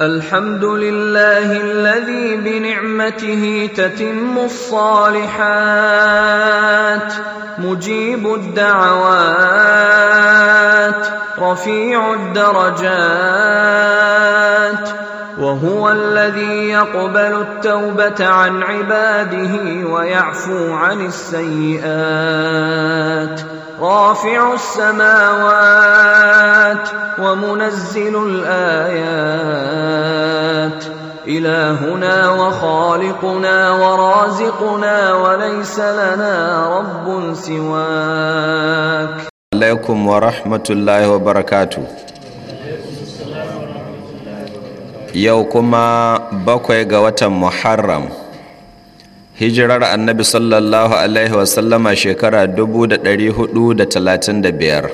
الحمد لله الذي بنعمته تتم الصالحات مجيب الدعوات رفيع الدرجات وهو الذي يقبل التوبه عن عباده ويعفو عن السيئات رافع السماوات ومنزل الايات الهنا وخالقنا ورازقنا وليس لنا رب سواك عليكم ورحمه الله وبركاته يوكما بقى bakwai محرم hijirar annabi sallallahu alaihi wasallama shekara 435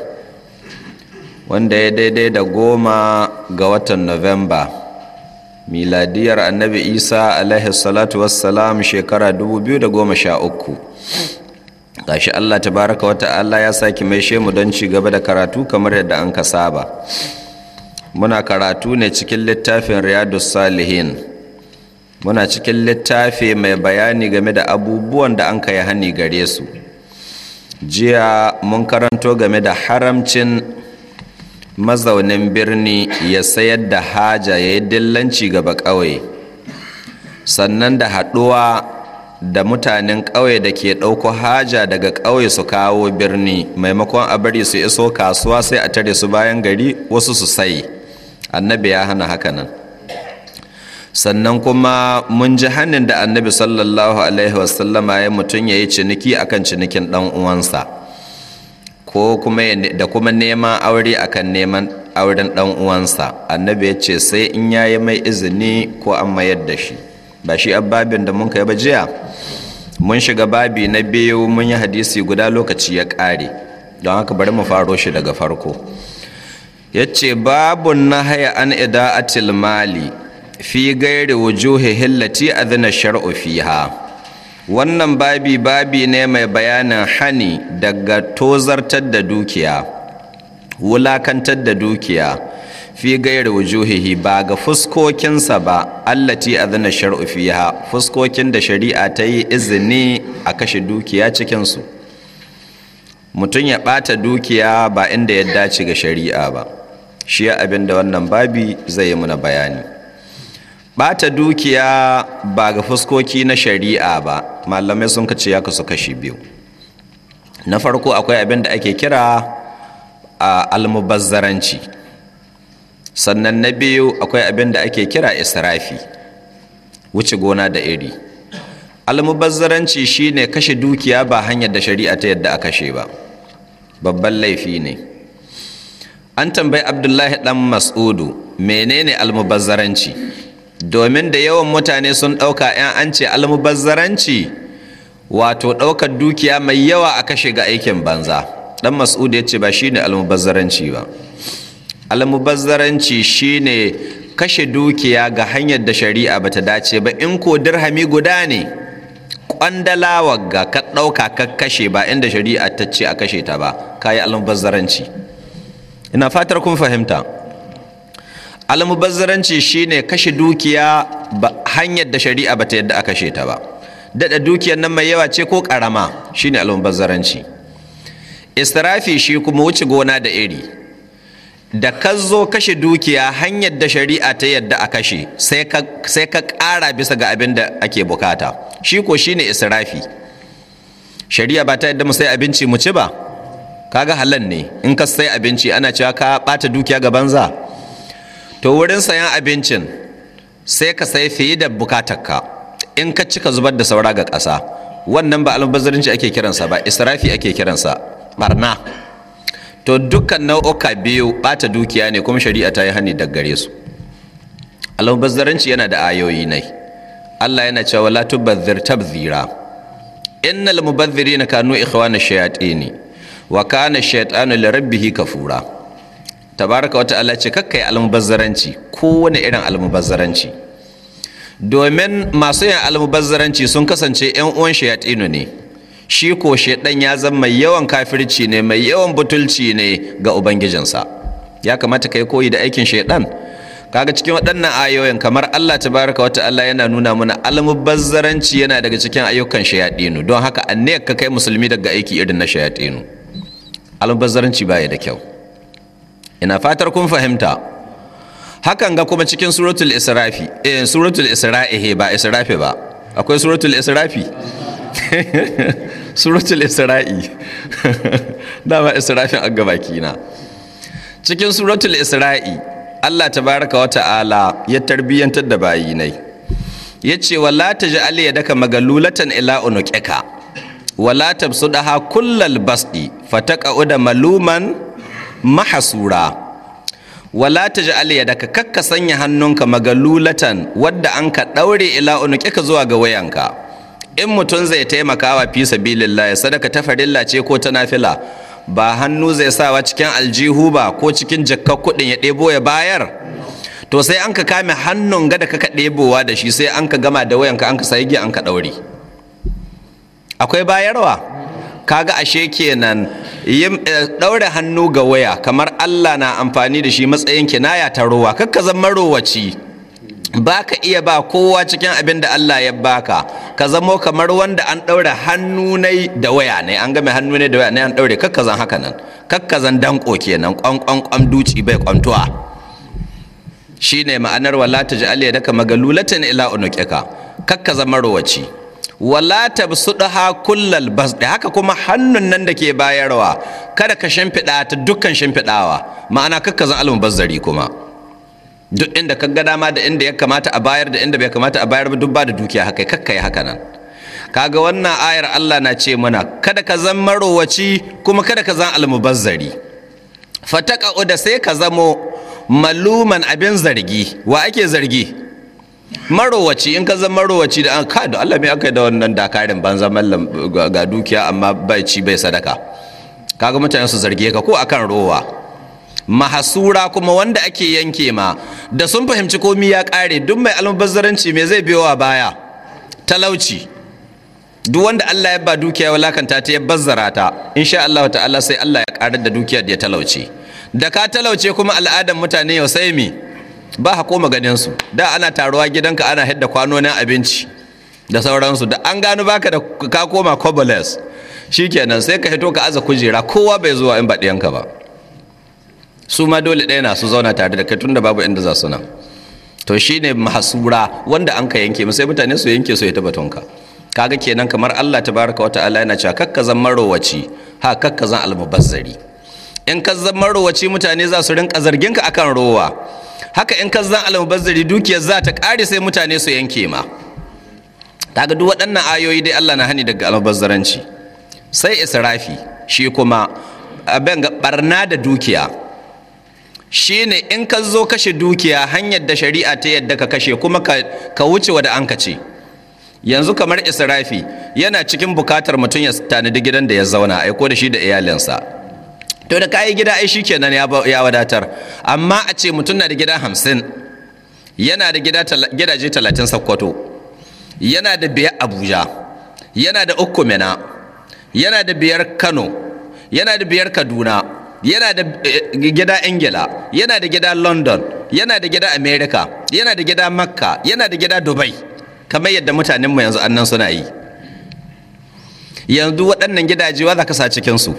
wanda ya daidai da goma ga watan novemba miladiyar annabi isa alaihi salatu wassalam shekara 2013 gashi allah ta baraka wata Allah ya sake mai shemu don ci gaba da karatu kamar yadda an ka saba muna karatu ne cikin littafin riyadus salihin muna cikin littafi mai bayani game da abubuwan da an kai hani gare su jiya mun karanto game da haramcin mazaunin birni ya sayar da haja ya yi dillanci gaba ƙauye sannan da haɗuwa da mutanen ƙauye da ke ɗauko haja daga ƙauye su kawo birni maimakon a bari su iso kasuwa sai a tare su bayan gari wasu su sai annabi ya hana hakanan sannan kuma mun ji hannun da annabi sallallahu alaihi wasallama ya mutum ya yi ciniki akan cinikin dan uwansa ko kuma da kuma neman aure akan neman auren dan uwansa annabi ya ce sai in ya yi mai izini ko an mayar da shi ba shi babin da mun kai ba jiya mun shiga babi na biyu mun yi hadisi guda lokaci ya kare. don haka bari mu faro shi daga farko ya ce babu haya an ida a mali fi gairi wujuhi hillati adhina shar'u fiha wannan babi babi ne mai bayanin hani daga tozartar da dukiya wulakantar da dukiya fi gairi wujuhihi ba ga fuskokinsa ba allati adhina shar'u fiha fuskokin da shari'a ta yi izini a kashe dukiya cikinsu mutum ya ɓata dukiya ba inda ya dace ga shari'a ba shi abin da wannan babi zai yi muna bayani ɓata dukiya ba ga fuskoki na shari'a ba malamai sun kace ya kasu kashi biyu na farko akwai abin da ake kira a almubazzaranci sannan na biyu akwai abin da ake kira israfi wuce gona da iri almubazzaranci shine kashe dukiya ba hanyar da shari'a ta yadda a kashe ba babban laifi ne an tambayi abdullahi dan mas'udu menene almubazzaranci domin da yawan mutane sun ɗauka 'yan an ce almubazzaranci wato ɗaukar dukiya mai yawa a kashe ga aikin banza ɗan mas'ud ya ce ba shi ne almubazzaranci ba almubazzaranci shi ne kashe dukiya ga hanyar da shari'a ba ta dace ba in ko dirhami guda ne ƙwandalawa ga ka ɗauka ka kashe ba inda shari'a ta ce a kashe ta ba ka yi almubazzaranci ina fatar kun fahimta almubazzaranci shine kashe dukiya hanyar da shari'a bata yadda aka kashe ta ba dada dukiyar nan mai yawa ce ko karama shine almubazzaranci istirafi shi kuma wuce gona da iri da ka zo kashe dukiya hanyar da shari'a ta yadda a kashe sai ka ƙara bisa ga abin da ake bukata shi ko shine israfi shari'a ba ta yadda mu sai abinci mu ci ba kaga halan ne in ka sai abinci ana cewa ka bata dukiya ga banza to wurin sayan abincin sai ka sai fiye da bukatarka in ka cika zubar da saura ga ƙasa wannan ba albazarinci ake kiransa ba israfi ake kiransa barna to dukkan nau'uka biyu bata dukiya ne kuma shari'a ta yi hani da gare su albazarinci yana da ayoyi ne Allah yana cewa la tubazzir tabzira innal mubazzirina kanu ikhwana shayatini wa kana shaytanu li kafura tabaraka wata Allah ce kakka yi almubazzaranci wani irin almubazzaranci domin masu yin almubazzaranci sun kasance yan uwan shayatinu ne shi ko shaidan ya zama mai yawan kafirci ne mai yawan butulci ne ga ubangijinsa ya kamata kai koyi da aikin shaidan kaga cikin waɗannan ayoyin kamar Allah tabaraka wata Allah yana nuna mana almubazzaranci yana daga cikin ayyukan shayatinu don haka anniyar ka kai musulmi daga aiki irin na shayatinu almubazzaranci baya da kyau ina fatar kun fahimta hakan ga kuma cikin suratul israfi eh suratul isra'ihi ba israfi ba akwai suratul israfi suratul isra'i dama israfin an gaba kina cikin suratul isra'i Allah tabaraka wa ta'ala ya tarbiyyantar da bayinai ya ce wala taj'al yadaka magalulatan ila unukeka? wala tabsudaha kullal basdi da maluman mahasura wala ta taj'al yadaka kakka sanya hannunka magalulatan wadda an ka daure ila ka zuwa ga wayanka in mutum zai taimaka wa fi sabilillah sadaka ta farilla ce ko ta nafila ba hannu zai sawa cikin aljihu ba ko cikin jakka kuɗin ya ɗebo ya bayar to sai an ka kame hannun gada kaka ɗebowa da shi sai an ka gama da wayanka an ka sayi an ka ɗaure akwai bayarwa kaga ashe kenan eh, ɗaure hannu ga waya kamar Allah na amfani da shi matsayin kinaya ta ruwa kakka zama rowaci baka iya ba kowa cikin abin da Allah ya baka ka zamo kamar wanda an ɗaure hannu ne da waya ne an game hannu ne da waya ne an ɗaure. kakka zan haka nan kakka zan danko kenan kwan kwan kwan duci bai kwantuwa shine ma'anar wala taj'al yadaka magalulatan ila unuqika kakka zama rowaci wala ta tabsudaha kullal basdi haka kuma hannun nan da ke bayarwa kada ka shimfiɗa ta dukkan shimfiɗawa ma'ana kakka zan alamu bazzari kuma duk inda ka ga dama da inda ya kamata a bayar da inda bai kamata a bayar ba duk ba da dukiya haka kakka yi haka nan kaga wannan ayar Allah na ce mana kada ka zan marowaci kuma kada ka zan almubazzari fataka da sai ka zamo maluman abin zargi wa ake zargi marowaci in ka zama marowaci da an ka da Allah mai aka yi da wannan dakarin ban mallam ga dukiya amma bai ci bai sadaka kaga mutane su zarge ka ko akan rowa mahasura kuma wanda ake yanke ma da sun fahimci komi ya kare duk mai almubazzaranci mai zai biyo a baya talauci duk wanda Allah ya ba dukiya walakanta ta ya bazzara ta insha Allah ta'ala sai Allah ya karar da dukiya da ya talauci da ka talauce kuma al'adan mutane yau sai mi ba hako maganinsu da ana taruwa gidanka ana hidda kwanonin abinci da sauransu da an gano baka da ka koma Shi kenan sai ka hito ka aza kujera kowa bai zuwa in baɗiyanka ba su ma dole ɗaya na su zauna tare da kai tun da babu inda za su nan to ne mahasura wanda an ka yanke sai mutane su yanke su ya taba tonka kaga kenan kamar Allah ta baraka wata ta'ala yana cewa kakka zan marowaci ha kakka zan almubazzari in ka zan marowaci mutane za su rinka zargin ka akan rowa haka in ka zan almubazzari dukiyar za ta ƙare sai mutane su yanke ma kaga duk waɗannan ayoyi dai Allah na hani daga almubazzaranci sai israfi shi kuma abin ga barna da dukiya ne in ka zo kashe dukiya hanyar da shari'a ta yadda ka kashe kuma ka wuce wa da an ce yanzu kamar israfi yana cikin bukatar mutum ya tanadi gidan da ya zauna aiko da shi da iyalinsa to da kayi gida ai shikenan ya wadatar amma a ce mutum na da gida hamsin yana da gidaje talatin sakkwato yana da biyar abuja yana da uku mina yana da biyar kano yana da biyar kaduna yana da eh, gida ingila yana da gida london yana da gida america yana da gida makka yana da gida dubai kamar yadda mutanenmu yanzu annan suna yi yanzu waɗannan gidaje wa za ka sa cikinsu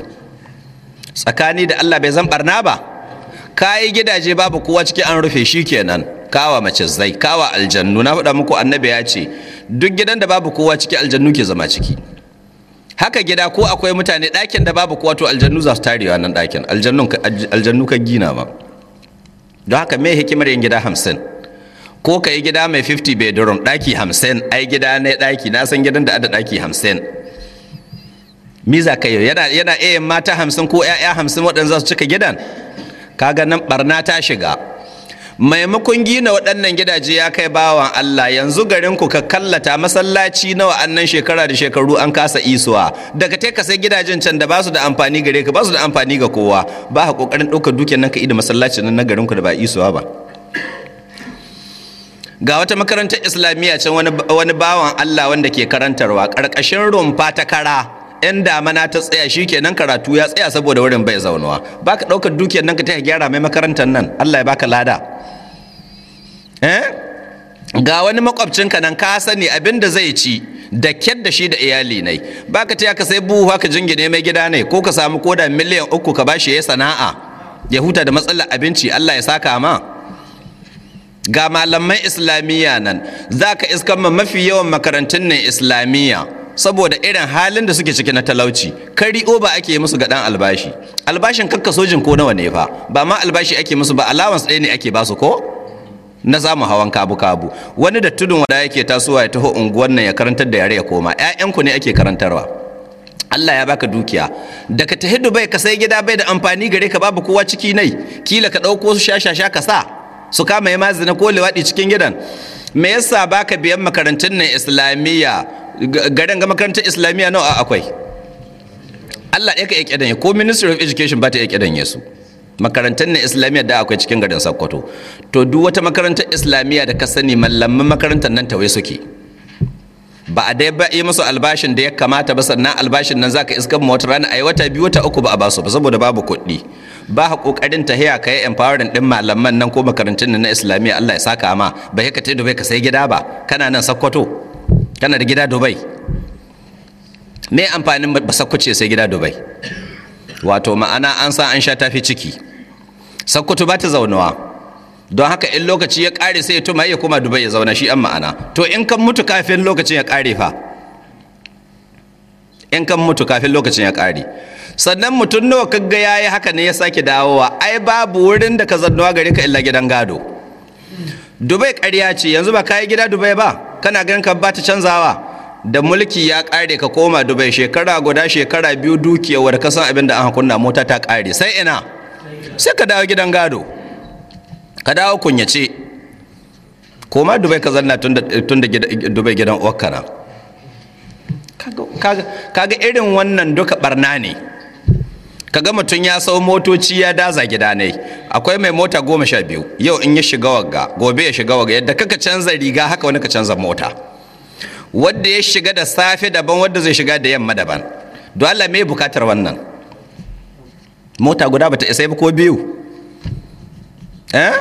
tsakani da Allah bai zan barna ba kayi gidaje babu kowa ciki an rufe shi kenan kawa mace zai kawa aljannu na faɗa muku annabi ya ce duk gidan da babu kowa ciki aljannu ke zama ciki haka gida ko akwai mutane ɗakin da babu kowa to aljannu za su tarewa nan ɗakin aljannu ka gina ba don haka me hikimar yin gida hamsin ko ka yi gida mai 50 bedroom ɗaki hamsin ai gida ne ɗaki na san gidan da ada ɗaki hamsin miza kai yana yana iya eh, mata hamsin ko ya'ya hamsin waɗanda za su cika gidan kaga nan barna ta shiga maimakon gina waɗannan gidaje ya kai bawan Allah yanzu garin ku ka kallata masallaci nawa annan shekara da shekaru an kasa isuwa daga te ka sai gidajen can da ba su da amfani gare ka su da amfani ga kowa ba ha kokarin ɗaukar dukiyar nan ka idi masallaci nan na garin ku da ba isuwa ba ga wata makarantar islamiyya can wani bawan Allah wanda ke karantarwa ƙarƙashin rumfa ta kara yan damana ta tsaya shi kenan karatu ya tsaya saboda wurin bai zaunuwa baka ɗaukar dukiyar nan ka ta gyara mai makarantar nan Allah ya baka lada eh? ga wani makwabcinka nan ka sani abin da zai ci da kyar da shi da iyali ne baka ta ka sai buhu haka ne mai gida ne ko ka samu koda miliyan uku ka bashi ya sana'a ya huta da matsalar abinci Allah ya saka ma ga malaman islamiyya nan za ka iskan mafi yawan makarantun nan islamiyya saboda irin halin da suke ciki na talauci kari ba ake musu ga dan albashi albashin kakka sojin ko nawa ne fa ba ma albashi ake musu ba allowance ɗaya ne ake ba su ko na zamu hawan kabu-kabu wani da tudun wada yake tasowa ya taho unguwan nan ya karantar da yare ya koma 'ya'yanku ne ake karantarwa Allah ya baka dukiya daga ta hiddu bai ka sai gida bai da amfani gare ka babu kowa ciki nai kila ka ɗauko su sha sha ka sa su kama ya mazina ko liwaɗi cikin gidan me yasa baka biyan makarantun nan islamiyya garin ga makarantar islamiyya nawa akwai Allah ɗaya ka iya kidanye ko ministry of education ba ta iya kidanye su makarantar na islamiyya da akwai cikin garin Sokoto to duk wata makarantar islamiyya da ka sani mallamin makarantar nan ta wai suke ba a dai ba yi musu albashin da ya kamata ba sannan albashin nan zaka iska mu wata rana yi wata biyu wata uku ba a basu ba saboda babu kuɗi ba ha kokarin ta haya kai empowering din malaman nan ko makarantun na islamiyya Allah ya saka ma ba ka tai da bai ka sai gida ba kana nan Sokoto kana da gida dubai me amfanin basakkuce sai gida dubai wato ma'ana an sa an sha tafi ciki sakkwato ba ta zaunawa don haka in lokaci ya kare sai ya tuma ya kuma dubai ya zauna shi an ma'ana to in kan mutu kafin lokacin ya kare fa in kan mutu kafin lokacin ya kare sannan mutum nawa kaga yayi haka ne ya sake dawowa ai babu wurin da ka zannuwa gare ka illa gidan gado dubai ƙarya ce yanzu ba kayi gida dubai ba kana ganin ka ba ta canzawa da mulki ya ƙare ka koma dubai shekara guda shekara biyu dukiyawar ka san abin da an kunna mota ta ƙare sai ina sai ka dawo gidan gado ka dawo kunyace koma dubai ka zanna tun da dubai gidan Okara kaga irin wannan duka barna ne kaga mutum ya sau motoci ya daza gida ne akwai mai mota goma sha biyu yau in ya shiga wagga gobe ya shiga wagga yadda kaka canza riga haka wani ka canza mota wadda ya shiga da safe daban wadda zai shiga da yamma daban don Allah mai bukatar wannan mota guda bata isa ba ko biyu eh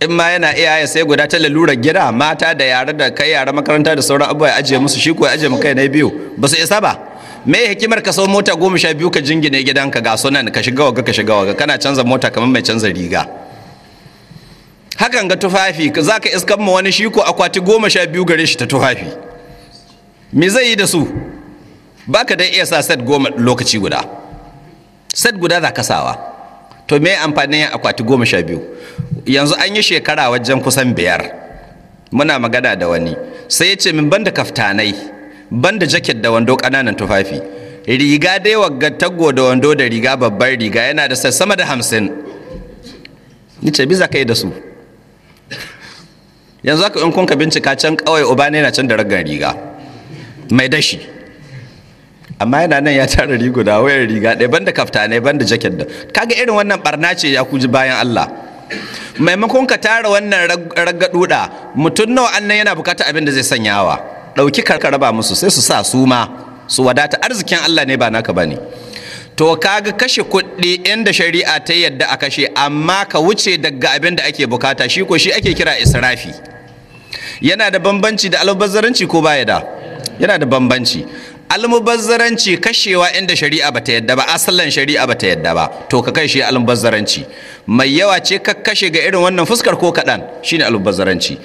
in ma yana iya ya sai guda ta lalurar gida mata da yare da kai yare makaranta da sauran abubuwa ya ajiye musu shi ko ya ajiye mu kai na biyu ba su isa ba me hikimar ka sau mota goma sha biyu ka jingine gidanka ga sunan ka shiga waga ka shiga waga kana canza mota kamar mai canza riga hakan ga tufafi za ka iskan ma wani shi ko akwati goma sha biyu gare shi ta tufafi me zai yi da su baka dai iya sa set goma lokaci guda set guda za ka sawa to me amfanin akwati goma sha biyu yanzu an yi shekara wajen kusan biyar muna magana da wani sai ya ce min banda kaftanai banda jaket da wando ƙananan tufafi riga dai wagga taggo da wando da riga babbar riga yana da sama da hamsin nice biza kai da su yanzu aka in kun ka bincika can kawai uba ne na can da ragar riga mai dashi amma yana nan ya tara riguna wayar riga ɗaya banda kaftanai banda jaket da kaga irin wannan barna ce ya kuji bayan Allah maimakon ka tara wannan duda mutum nawa annan yana bukata abin da zai sanyawa ɗauki ka raba musu sai su sa su ma su wadata arzikin Allah ne ba naka bane to kaga kashe kuɗi inda shari'a ta yadda a kashe amma ka wuce daga abin da ake bukata shi ko shi ake kira israfi yana da bambanci da albazaranci ko baya da yana da bambanci almubazzaranci kashewa inda shari'a bata yadda ba asalin shari'a bata yadda ba to ka kai shi almubazzaranci mai yawa ce ka kashe ga irin wannan fuskar ko kaɗan shine almubazzaranci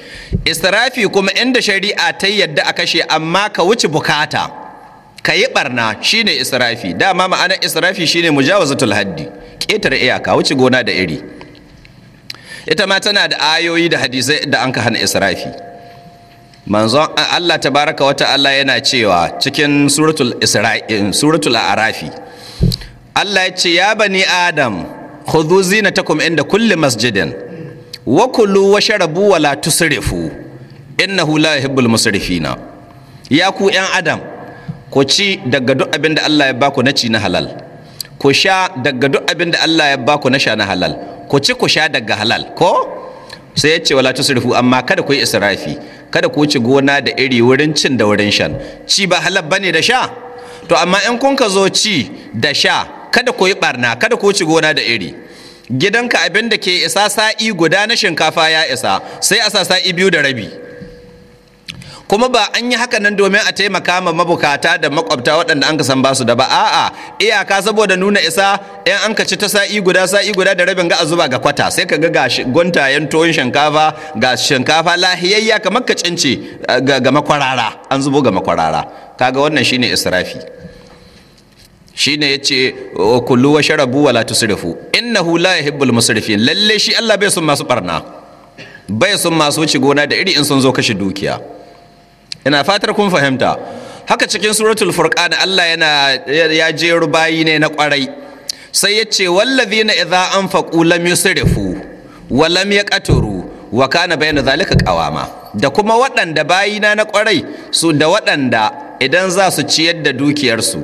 Israfi kuma inda shari'a ta yadda a kashe amma ka wuce bukata ka yi barna shine israfi dama ma'ana israfi shine mujawazatul haddi ƙetare iyaka wuce gona da iri ita ma tana da ayoyi da hadisai da an ka hana israfi manzon Allah tabaraka wa ta'ala yana cewa cikin suratul suratul arafi Allah ya ce ya bani adam khudhu zinatakum inda kulli masjidin wa kulu wa sharabu wa la tusrifu innahu la yuhibbul musrifina ya ku yan adam ku ci daga duk abin da Allah ya baku na ci na halal ku sha daga duk abin da Allah ya baku na sha na halal ku ci ku sha daga halal ko sai ya ce wala tusrifu amma kada ku yi israfi kada ku wuce gona da iri wurin cin da wurin shan ci ba halal bane da sha to amma in kun ka zo ci da sha kada ku yi barna kada ku wuce gona da iri gidanka abin da ke isa sa'i guda na shinkafa ya isa sai a sa sa'i biyu da rabi kuma ba an yi haka nan domin a taimaka ma mabukata da makwabta waɗanda an san basu da ba a'a iyaka saboda nuna isa yan an ci ta sa'i guda sa'i guda da rabin ga a zuba ga kwata sai ka ga ga guntayen tuwon shinkafa ga shinkafa lahiyayya kamar ka cince eh, ga makwarara an zubo ga makwarara kaga wannan shine israfi shine yace kullu wa sharabu wala tusrifu innahu la yuhibbul musrifin lalle shi Allah bai son masu barna bai son masu wuce gona da iri in sun zo kashe dukiya ina fatar kun fahimta haka cikin suratul furqan Allah yana ya jeru bayi ne na kwarai sai ya ce wallazina idza anfaqu lam yusrifu wa lam yaqturu wa kana bayna zalika qawama da kuma waɗanda bayina na kwarai su da waɗanda idan za su ciyar da dukiyarsu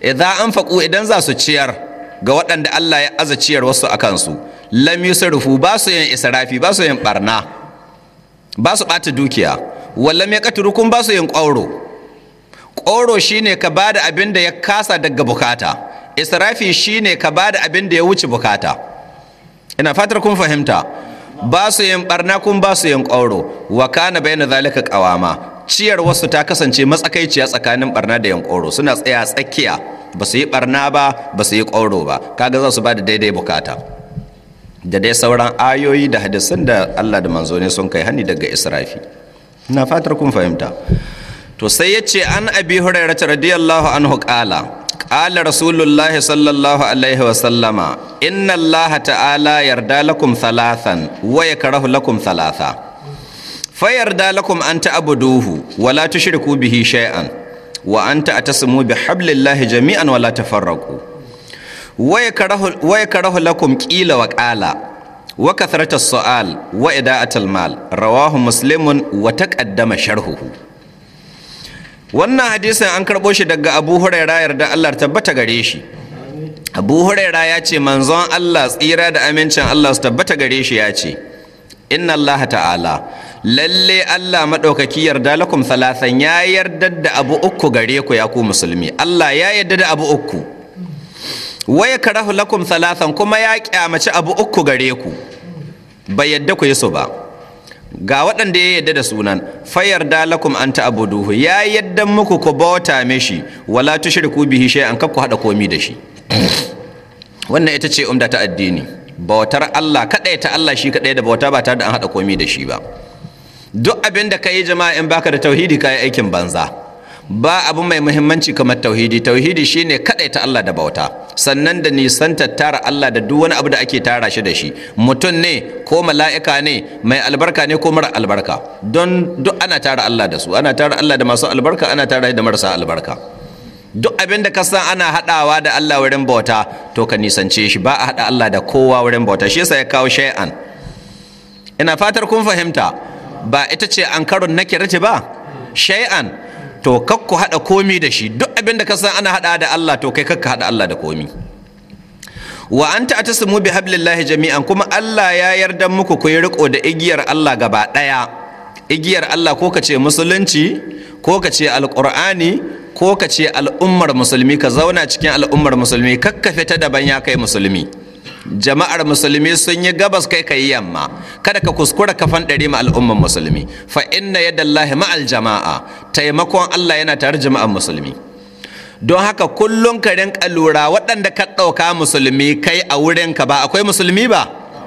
idza anfaqu idan za su ciyar ga waɗanda Allah ya aza ciyar wasu akan su lam yusrifu ba su yin israfi ba su yin barna ba su ɓata dukiya wallam ya katuru kun ba su yin ƙoro ƙoro ne ka ba da abin da ya kasa daga bukata israfi shi ne ka ba da abin da ya wuce bukata ina fatar kun fahimta ba su yin barna kun ba su yin ƙoro wa kana bayyana zalika ƙawama ciyar wasu ta kasance matsakaiciya tsakanin barna da yin ƙoro suna tsaya tsakiya ba su yi barna ba ba su yi ƙoro ba kaga za su ba da daidai bukata da dai sauran ayoyi da hadisan da Allah da manzo sun kai hani daga israfi ina fatar kun fahimta to sai ya ce an abi hurairata radiyallahu anhu ƙala, ƙala rasulullah sallallahu alaihi wa sallama inna allah ta'ala yarda lakum thalathan wa yakrahu lakum thalatha fa yarda lakum an ta'buduhu wa la tushriku bihi shay'an wa an ta'tasimu bi hablillahi jami'an wa la tafarraqu wa yakrahu lakum qila wa qala wa kathratus rawahu muslimun wa wannan hadisin an karbo shi daga Abu Huraira yarda Allah tabbata gare shi Abu Huraira ya ce manzon Allah tsira da amincin Allah su tabbata gare shi ya ce inna Allah ta'ala lalle Allah maɗaukaki yarda lakum salasan ya yarda da abu uku gare ku ya ku musulmi Allah ya yarda da abu uku waya karahu lakum salasan kuma ya kyamaci abu uku gare ku bai yadda ku yi su ba ga waɗanda ya yadda da sunan fayar da lakum an ta'buduhu ya yadda muku ku bauta mishi wala tushriku bihi shay'an kar ku haɗa komi da shi wannan ita ce umda ta addini bautar Allah kadai ta Allah shi kadai da bauta ba tare da an hada komi da shi ba duk abin da ka yi jama'a in baka da tauhidi ka aikin banza ba abu mai muhimmanci kamar tauhidi tauhidi shine ta Allah da bauta sannan da nisan tara Allah da duk wani abu da ake tara shi da shi mutum ne ko mala'ika ne mai albarka ne ko mara albarka don duk ana tara Allah da su ana tara Allah da masu albarka ana tara da marasa albarka duk abin da ka san ana hadawa da Allah wurin bauta to ka nisance shi ba a hada Allah da kowa wurin bauta shi yasa ya kawo shay'an ina fatar kun fahimta ba ita ce an karon nakirati ba shay'an to kakku hada komi da shi duk abin da ka san ana hada da Allah to kai kakka hada Allah da komi wa an atasmu bi hablillahi jami'an kuma Allah ya yarda muku ku yi riko da igiyar Allah gaba ɗaya igiyar Allah ko kace musulunci ko ka ce ko kace al'ummar musulmi ka zauna cikin al'ummar musulmi kakka fita daban ya kai musulmi jama'ar musulmi sun yi gabas kai ka yi yamma kada ka kuskura kafan ɗari ma al'umman musulmi fa inna yadallahi ma'al jama'a taimakon Allah yana tare jama'ar musulmi don haka kullum ka rinka lura waɗanda ka ɗauka musulmi kai a wurin ka ba akwai musulmi ba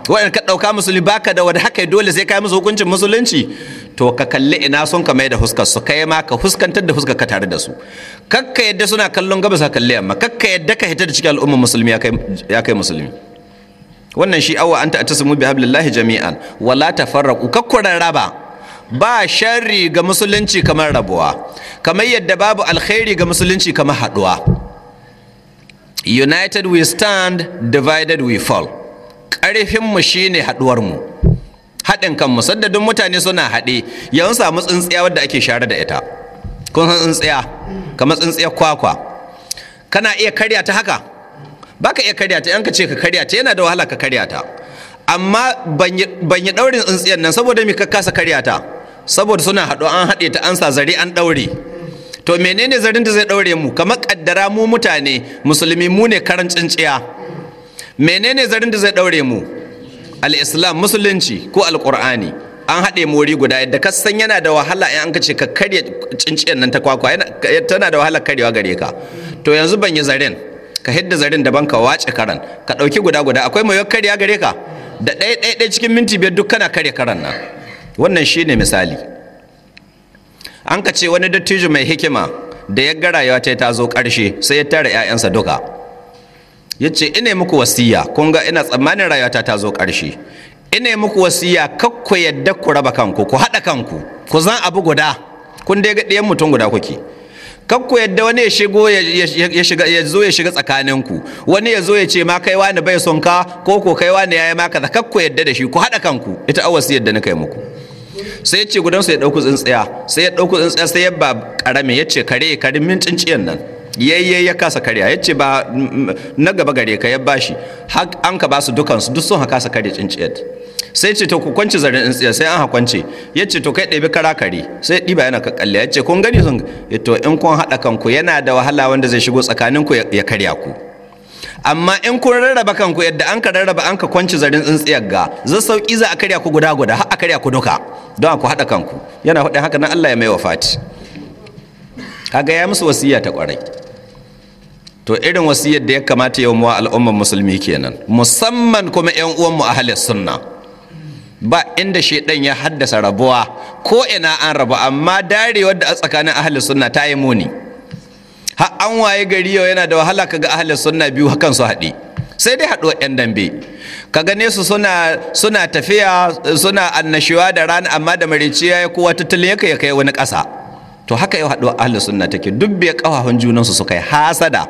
waɗanda ka ɗauka musulmi ba ka da wani haka dole sai ka yi musu hukuncin musulunci to ka kalli ina sun ka mai da huskar su kai ma ka huskantar da huskar ka tare da su kakka yadda suna kallon gabas ka kalli yamma kakka yadda ka hita da cikin al'ummar musulmi ya kai musulmi wannan shi awa an ta samu bi hablillahi jami'an wala tafarraqu kakkuran raba ba sharri ga musulunci kamar rabuwa kamar yadda babu alkhairi ga musulunci kamar haduwa united we stand divided we fall ƙarfinmu shine haduwarmu haɗin kanmu saddadin mutane suna haɗe yawan samu tsintsiya wadda ake share da ita kun san tsintsiya kamar tsintsiyar kwakwa kana iya karya ta haka Ba ka iya karyata, yan ka ce ka karyata. yana da wahala ka karyata. amma ban yi daurin tsintsiyan nan saboda me ka kasa karya saboda suna haɗu an haɗe ta an sa zare an daure to menene zarin da zai daure mu kamar kaddara mu mutane musulmi mu ne karan tsinciya menene zarin da zai daure mu al-islam musulunci ko Alkur'ani? an haɗe mori guda yadda ka san yana da wahala in an ka ce ka karya tsinciyar nan ta kwakwa tana da wahala karyewa gare ka to yanzu ban yi zaren ka hidda zarin daban ka wace karan ka ɗauki guda guda akwai mai karya gare ka da ɗaya ɗaya cikin minti biyar duk kana karya karan nan wannan shine misali an ka ce wani dattijo mai hikima da ya ga rayuwa ta zo ƙarshe sai ya tara 'ya'yansa duka ya ce ina muku wasiya kun ga ina tsammanin rayuwa ta ta zo ƙarshe ina muku wasiya kak ku yadda ku raba kanku ku haɗa kanku ku zan abu guda kun dai ga ɗayan mutum guda kuke ku yadda wani ya shigo ya zo ya shiga tsakaninku wani ya zo ya ce ma kai wani bai son ka ko ko kai wani yayi maka da kakku yadda da shi ku haɗa kanku ita awasi yadda na kai muku sai ya ce gudansu ya dauku tsintsiya sai ya dauku tsintsiya sai ya ba ƙaramin ya ce kare karimin tsinciyan nan yayye ya kasa karya ya ce ba na gaba gare ka ya bashi an ka basu dukansu duk sun ha kasa karya cinciyar sai ce to ku kwanci zarin tsintsiya sai an hakwance ya ce to kai ɗabi kara kare sai ɗiba yana kalle ya ce kun gani sun to in kun haɗa kanku yana da wahala wanda zai shigo tsakaninku ya karya ku amma in kun rarraba kanku yadda an ka rarraba an ka kwanci zarin tsintsiyar ga za sauki za a karya ku guda guda har a karya ku duka don ku haɗa kanku yana faɗin haka nan Allah ya mai wafati kaga ya musu wasiya ta kwarai to irin wasu yadda ya kamata yau muwa al'ummar musulmi kenan musamman kuma yan uwanmu a sunna ba inda shaidan ya haddasa rabuwa ko ina an rabu amma darewar da a tsakanin ahalin sunna ta yi muni Ha an waye gari yau yana da wahala kaga ahalin sunna biyu hakan su haɗe sai dai haɗuwar 'yan dambe ka gane su suna tafiya suna annashuwa da rana amma da mariciya ya kowa tattali ya kai wani ƙasa to haka yau haɗuwar ahli sunna take duk bai ƙawahun junansu suka yi hasada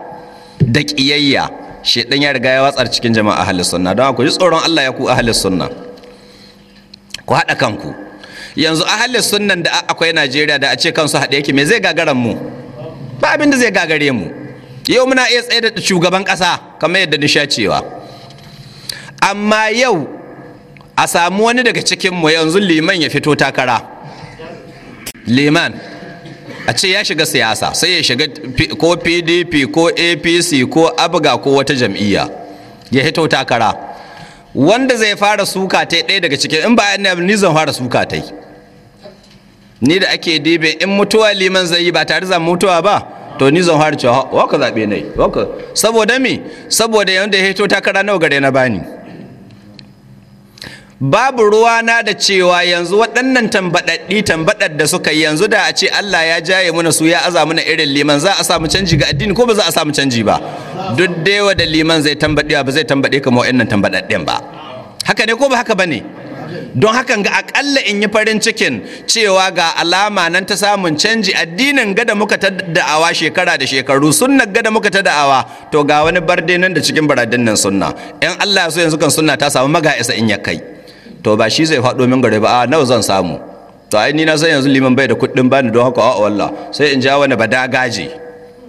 da ƙiyayya shedan ya riga ya watsar cikin jama'a ahli sunna don ku ji tsoron Allah ya ku ahli sunna ku haɗa kanku yanzu ahli sunnan da akwai Najeriya da a ce kansu haɗe yake me zai gagaran mu ba abin da zai gagare mu yau muna iya tsaye da shugaban ƙasa kamar yadda nisha cewa amma yau a samu wani daga cikin mu yanzu liman ya fito takara liman a ce ya shiga siyasa sai ya shiga ko pdp ko apc ko abga ko wata jam'iyya ya hito takara wanda zai fara suka ta ɗaya daga cikin in ba na ni zan fara suka ta ni da ake dibe in mutuwa liman zai yi ba tare zan mutuwa ba to ni zan fara cewa waka zaɓe nai waka saboda me saboda yanda ya hito takara nawa gare na bani babu ruwana da cewa yanzu waɗannan tambaɗaɗɗi tambaɗar da suka yanzu da a ce Allah ya jaye mana su ya aza mana irin liman za a samu canji ga addini ko ba za a samu canji ba duk dai da liman zai tambaɗe ba zai tambaɗe kamar waɗannan tambaɗaɗɗen ba haka ne ko ba haka ba ne don hakan ga akalla in yi farin cikin cewa ga alama nan ta samun canji addinin gada muka ta da'awa shekara da shekaru sunna gada muka ta da'awa to ga wani barde nan da cikin baradin nan sunna yan Allah so yanzu kan sunna ta samu maga isa in ya kai to ba shi zai faɗo min gare ba a nawa zan samu to ai ni na san yanzu liman bai da kuɗin bani don haka a wallah sai in ja wani gaji.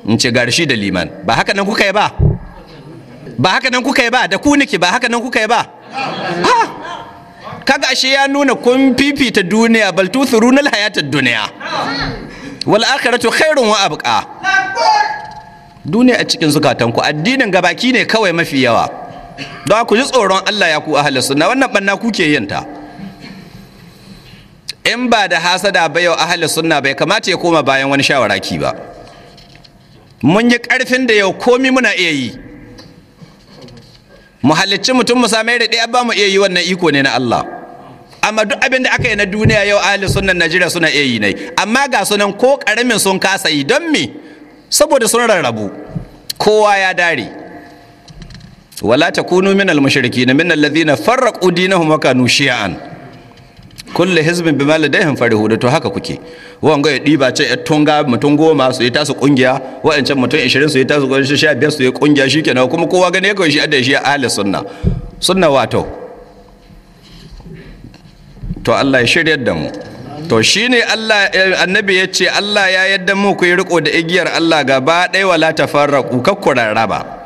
in ci garshi da liman ba haka nan kuka yi ba ba haka nan kuka yi ba da ku niki ba haka nan kuka yi ba kaga ashe ya nuna kun fifita duniya bal tuthirunal hayatad duniya wal akhiratu khairun wa abqa duniya a cikin zukatanku addinin gabaki ne kawai mafi yawa don ku ji tsoron Allah ya ku ahli sunna wannan banna kuke yin ta in ba da hasada ba yau ahli sunna bai kamata ya koma bayan wani shawaraki ba mun yi karfin da yau komi muna iya yi mu halicci mutum mu samai da ɗaya ba mu iya yi wannan iko ne na Allah amma duk abin da aka yi na duniya yau ahli na Najeriya suna iya yi ne amma ga sunan ko karamin sun kasa yi don me saboda sun rarrabu kowa ya dare wala takunu minal mushrikin min alladhina farraqu dinahum wa kanu shi'an kullu hizbin bima ladayhim da to haka kuke wanga ya diba ce ya tunga mutum goma su yi su kungiya wa'ancan mutum 20 su yi su kungiya shi, biyar su yi kungiya shikenan kuma kowa gane ya shi adda shi ahli sunna sunna wato to Allah ya shiryar da mu to shine Allah annabi ya ce Allah ya yadda mu ku yi riko da igiyar Allah gaba ɗaya wala tafarraqu kakkurarraba raba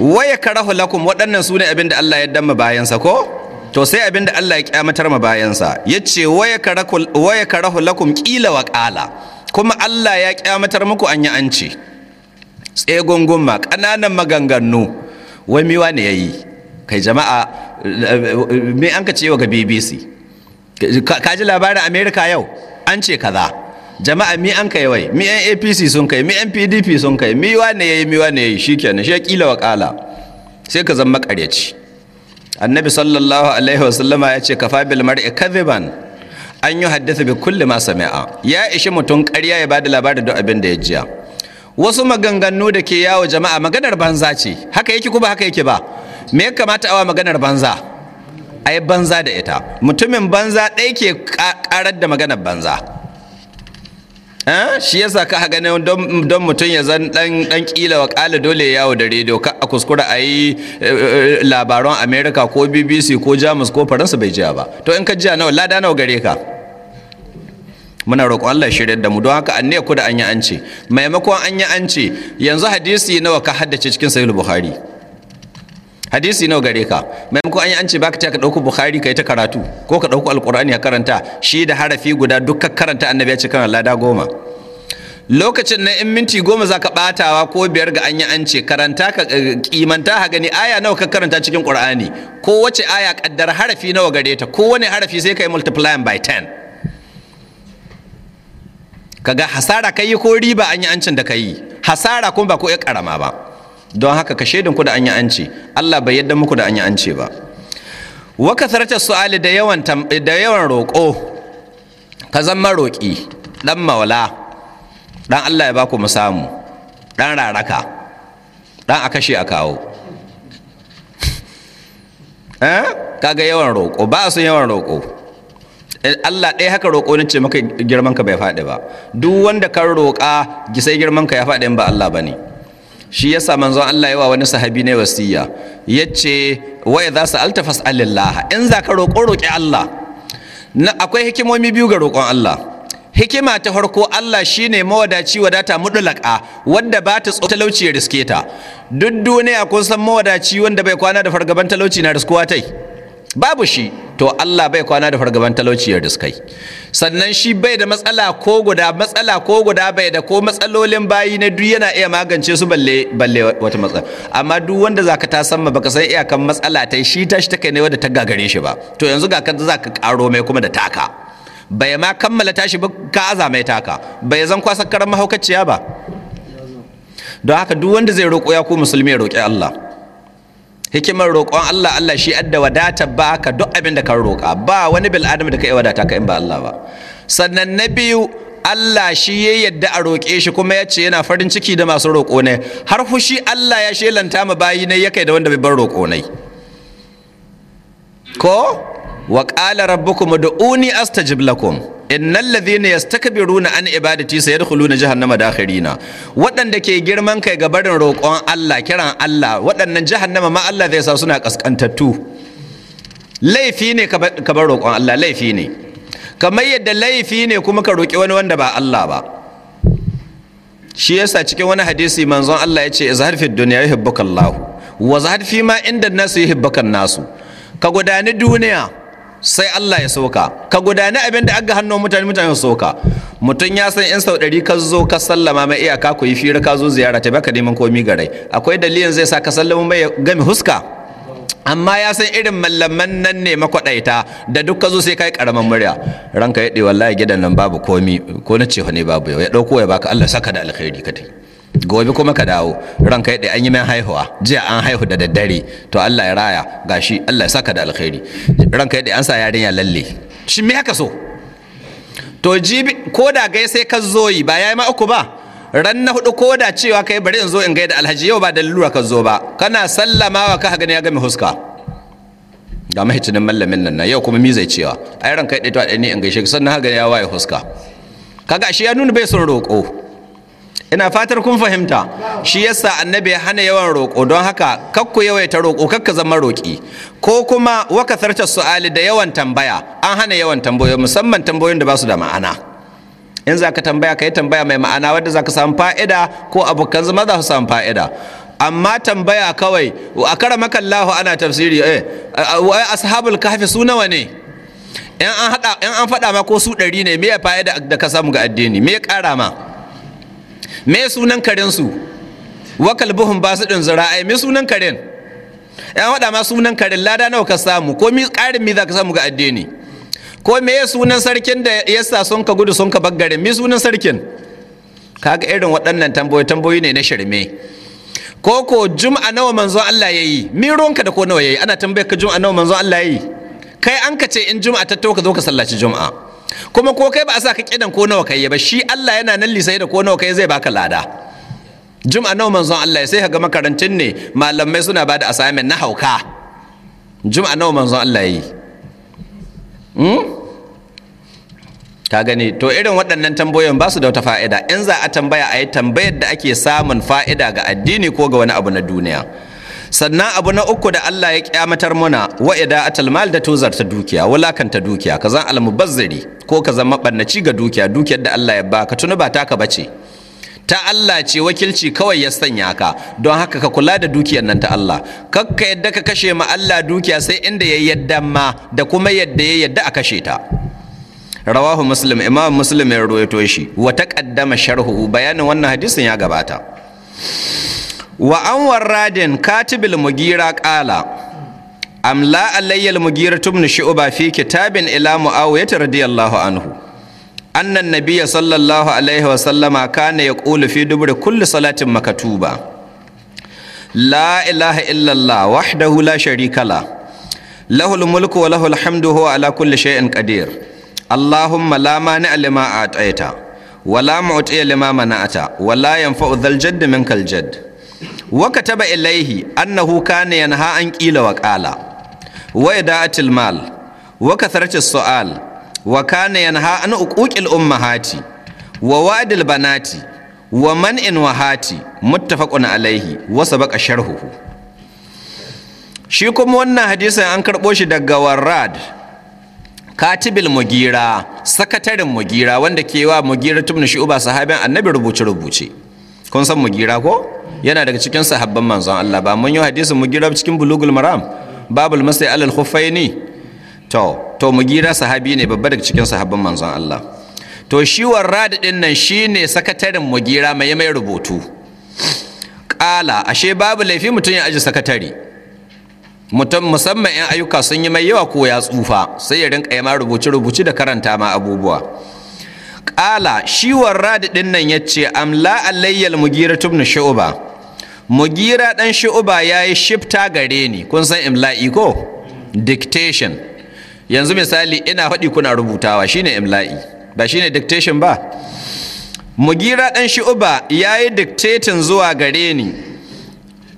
waya karahu lakum waɗannan su ne abin da Allah ya damma bayansa ko to sai abin da Allah ya kyamatar ma bayansa ya ce waya karahu lakum ƙila wa ƙala kuma Allah ya kyamatar muku an yi an ce ƙananan maganganu wai miwa ne ya yi kai jama'a me an ka ce wa ga bbc ka ji labarin Amerika yau an ce kaza jama'a mi an kai wai mi apc sun kai mi NPDP pdp sun kai mi wane yayi mi wane yayi shikenan shi kila wa kala sai ka zama karyaci annabi sallallahu alaihi wasallama ya ce kafa bil mar'i kadhiban an yi haddasa bi kulli ma sami'a ya ishi mutum ƙarya ya bada labarin da abin da ya jiya wasu maganganu da ke yawo jama'a maganar banza ce haka yake kuma haka yake ba me ya kamata awa maganar banza ai banza da ita mutumin banza ɗaya ke ƙarar da maganar banza shi yasa ka ga don mutum ya zan dan kila wa kala dole yawo da rediyo ka a kuskura a yi eh, eh, eh, labaran Amerika ko bbc ko jamus ko faransa bai jiya ba to in ka jiya nawa lada nawa gare ka muna roƙon Allah shirya da mu don haka an ku da an yi an ce maimakon an yi an ce yanzu hadisi nawa ka haddace cikin sahih bukhari hadisi nawa gare ka maimako an yi an ce baka ta ka dauko bukhari kai ta karatu ko ka dauko alqur'ani ka karanta shi da harafi guda duka karanta annabi ya ce kana lada goma lokacin na in minti goma za ka batawa ko biyar ga an yi an ce karanta ka kimanta eh, ha gani aya nawa ka karanta cikin qur'ani ko wace aya kaddar harafi nawa gare ta ko wani harafi sai kai multiply by 10 kaga hasara kai ko riba an yi ancin da kai hasara kuma ba ko ya karama ba don haka ka shaidan ku da an yi an ce Allah bai yadda muku da an yi an ce ba wa kasarta su'ali da yawan da yawan roƙo ka zama roƙi dan mawala dan Allah ya baku mu samu dan raraka dan a kashe a kawo eh kaga yawan roƙo ba su yawan roƙo eh, Allah ɗaya haka roƙo ne ce maka girman ka bai faɗi ba duk wanda ka roƙa sai girman ka ya faɗi in ba Allah bane ne shi ya sa manzon Allah yawa wani sahabi ne wasiya yace za su altafas alillaha in za ka roƙo roƙi Allah akwai hikimomi biyu ga roƙon Allah hikima ta farko Allah shi ne mawadaci wadata mudulaka wanda ba ta tso talauci ya riske ta duk duniya kun san mawadaci wanda bai kwana da fargaban talauci na riskuwa tai babu shi to Allah bai kwana da fargaban talauci suka yi. sannan shi bai da matsala ko guda matsala ko guda bai da ko matsalolin bayi na duk yana iya magance su balle balle wata matsala amma duk wanda zaka ta san baka san iyakan matsala ta shi ta shi take ne wanda ta gagare shi ba to yanzu ga kan zaka karo mai kuma da taka bai ma kammala tashi ba ka aza mai taka bai zan kwasa karan mahaukaciya ba don haka duk wanda zai roƙo ya ko musulmi ya roƙi Allah hikimar roƙon Allah Allah shi adda wadata ba ka duk abin da ka roƙa ba wani bil adam da ka yi wadata ka in ba Allah ba sannan na biyu Allah shi ya yadda a roƙe shi kuma ya ce yana farin ciki da masu roƙo ne har fushi Allah ya lanta ma bayi ne ya kai da wanda bai bar roƙo ne ko wa qala rabbukum ud'uni astajib lakum innal ladhina yastakbiruna an ibadati sayadkhuluna jahannama dakhirina waɗanda ke girman kai ga barin roƙon Allah kiran Allah waɗannan jahannama ma Allah zai sa suna kaskantattu laifi ne ka bar roƙon Allah laifi ne kamar yadda laifi ne kuma ka roƙi wani wanda ba Allah ba shi yasa cikin wani hadisi manzon Allah ya ce izhar fi dunya yuhibbukallahu wa zahar fi ma inda nasu yuhibbukan nasu ka gudani duniya sai Allah ya soka ka gudani abin da aga hannun mutane mutane soka mutum ya san in sau ɗari ka zo ka sallama mai iyaka ku yi fira ka zo ziyara ta baka neman komi garai akwai dalilin zai sa ka sallama mai gami huska amma ya san irin mallaman nan ne makwaɗaita da duk ka zo sai kai karaman murya ranka ya ɗe wallahi gidan nan babu komi ko na cewa ne babu yau ya ɗauko ya baka Allah saka da alkhairi ka gobe kuma ka dawo ranka yadda an yi min haihuwa jiya an haihu da daddare to Allah ya raya gashi Allah ya saka da alkhairi ranka yadda an sa yarinya lalle shi me haka so to jibi ko da gai sai ka zoyi ba yayi ma uku ba ran na hudu ko da cewa kai bari in zo in gaida alhaji yau ba da lura ka zo ba kana sallamawa ka gani ya ga huska ga mahicinin mallamin nan na. yau kuma mi zai cewa ai ranka yadda to a ne in gaishe sannan ga ya waye huska kaga shi ya nuna bai son roƙo ina fatar kun fahimta shi yasa annabi ya hana yawan roƙo don haka kakku yawaita roƙo kakka zama roƙi ko kuma wakasarta su'ali da yawan tambaya an hana yawan tambayoyi musamman tambayoyin da ba su da ma'ana in za ka tambaya ka yi tambaya mai ma'ana wadda za ka samu fa'ida ko abokan zama za su samu fa'ida amma tambaya kawai a kara Allahu ana tafsiri eh ashabul kahfi su nawa ne in an faɗa ma ko su ɗari ne me ya fa'ida da ka samu ga addini me ya ƙara ma me sunan karen su wa kalbuhum basidun zira'ai me sunan karen yan wada ma sunan karen lada nawa ka samu ko mi karin mi zaka samu ga addini ko me sunan sarkin da yasa sun ka gudu sun ka baggare mi sunan sarkin kaga irin waɗannan tamboyi tambayoyi ne na shirme ko ko jum'a nawa manzo Allah yayi mi ronka da ko nawa yayi ana tambayar ka jum'a nawa manzo Allah yayi kai an ka ce in jum'a ta ka zo ka sallaci Juma'a. kuma ko kai ba a sa ka kidan ko nawa kai ba shi Allah yana nan lisai da ko nawa kai zai baka lada Juma'a nawa manzon Allah sai kaga makarantun ne malamai suna bada assignment na hauka Juma'a nawa manzon Allah yi hmm? ka gani to irin waɗannan tambayoyin ba su da wata fa'ida in za a tambaya a yi tambayar da ake samun fa'ida ga addini ko ga wani abu na duniya sannan abu na uku da Allah ya kyamatar muna wa ida'atul mal da tozarta dukiya wulakanta dukiya ka zan almubazziri ko ka zama bannaci ga dukiya dukiyar da Allah ya baka tuni ba taka bace ta Allah ce wakilci kawai ya sanya ka don haka ka kula da dukiyar nan ta Allah kakka yadda ka kashe ma Allah dukiya sai inda ya yadda ma da kuma yadda ya yadda a kashe ta rawahu muslim imam muslim ya rawaito shi wa taqaddama sharhu bayanin wannan hadisin ya gabata wa an warradin katibil mugira ƙala amla alayyal mugira tubni shu'ba fi kitabin ila mu'awiyata radiyallahu anhu annan nabiyya sallallahu alaihi wa sallama kana yaqulu fi dubri kulli salatin makatuba la ilaha illallah wahdahu la sharika la lahul mulku wa lahul hamdu huwa ala kulli shay'in qadir allahumma la mani'a lima a'taita ولا معطي لما منعت ولا ينفع ذا الجد منك الجد waka taba ilaihi annahu kana yanha an kila wa qala wa ida'atil mal wa kasartis su'al wa kana yanha an uquqil ummahati wa wadil banati wa man'in wahati muttafaqun alaihi wa sabaqa sharhuhu shi kuma wannan hadisin an karɓo shi daga warrad katibil mugira sakatarin mugira wanda ke wa mugira tumna shi uba sahabin annabi rubuce rubuce kun san mugira ko yana daga cikin sahabban manzon Allah ba mun yi hadisin mu gira cikin bulugul maram babul masai alal khufaini to to mu gira sahabi ne babba daga cikin sahabban manzon Allah to shi warrad din nan shine sakataren mu gira mai mai rubutu kala ashe babu laifi mutum ya aji sakatare mutum musamman yan ayyuka sun yi mai yawa ko ya tsufa sai ya rinka ma rubuce rubuce da karanta ma abubuwa ƙala shi warrad din nan ya ce amla alayyal mugira tubnu shu'ba mugira dan shi'uba ya yi shifta gare ni kun san imla'i ko dictation yanzu misali ina faɗi kuna rubutawa shine imla'i ba shine dictation ba mugira dan shi'uba ya yi dictating zuwa gare ni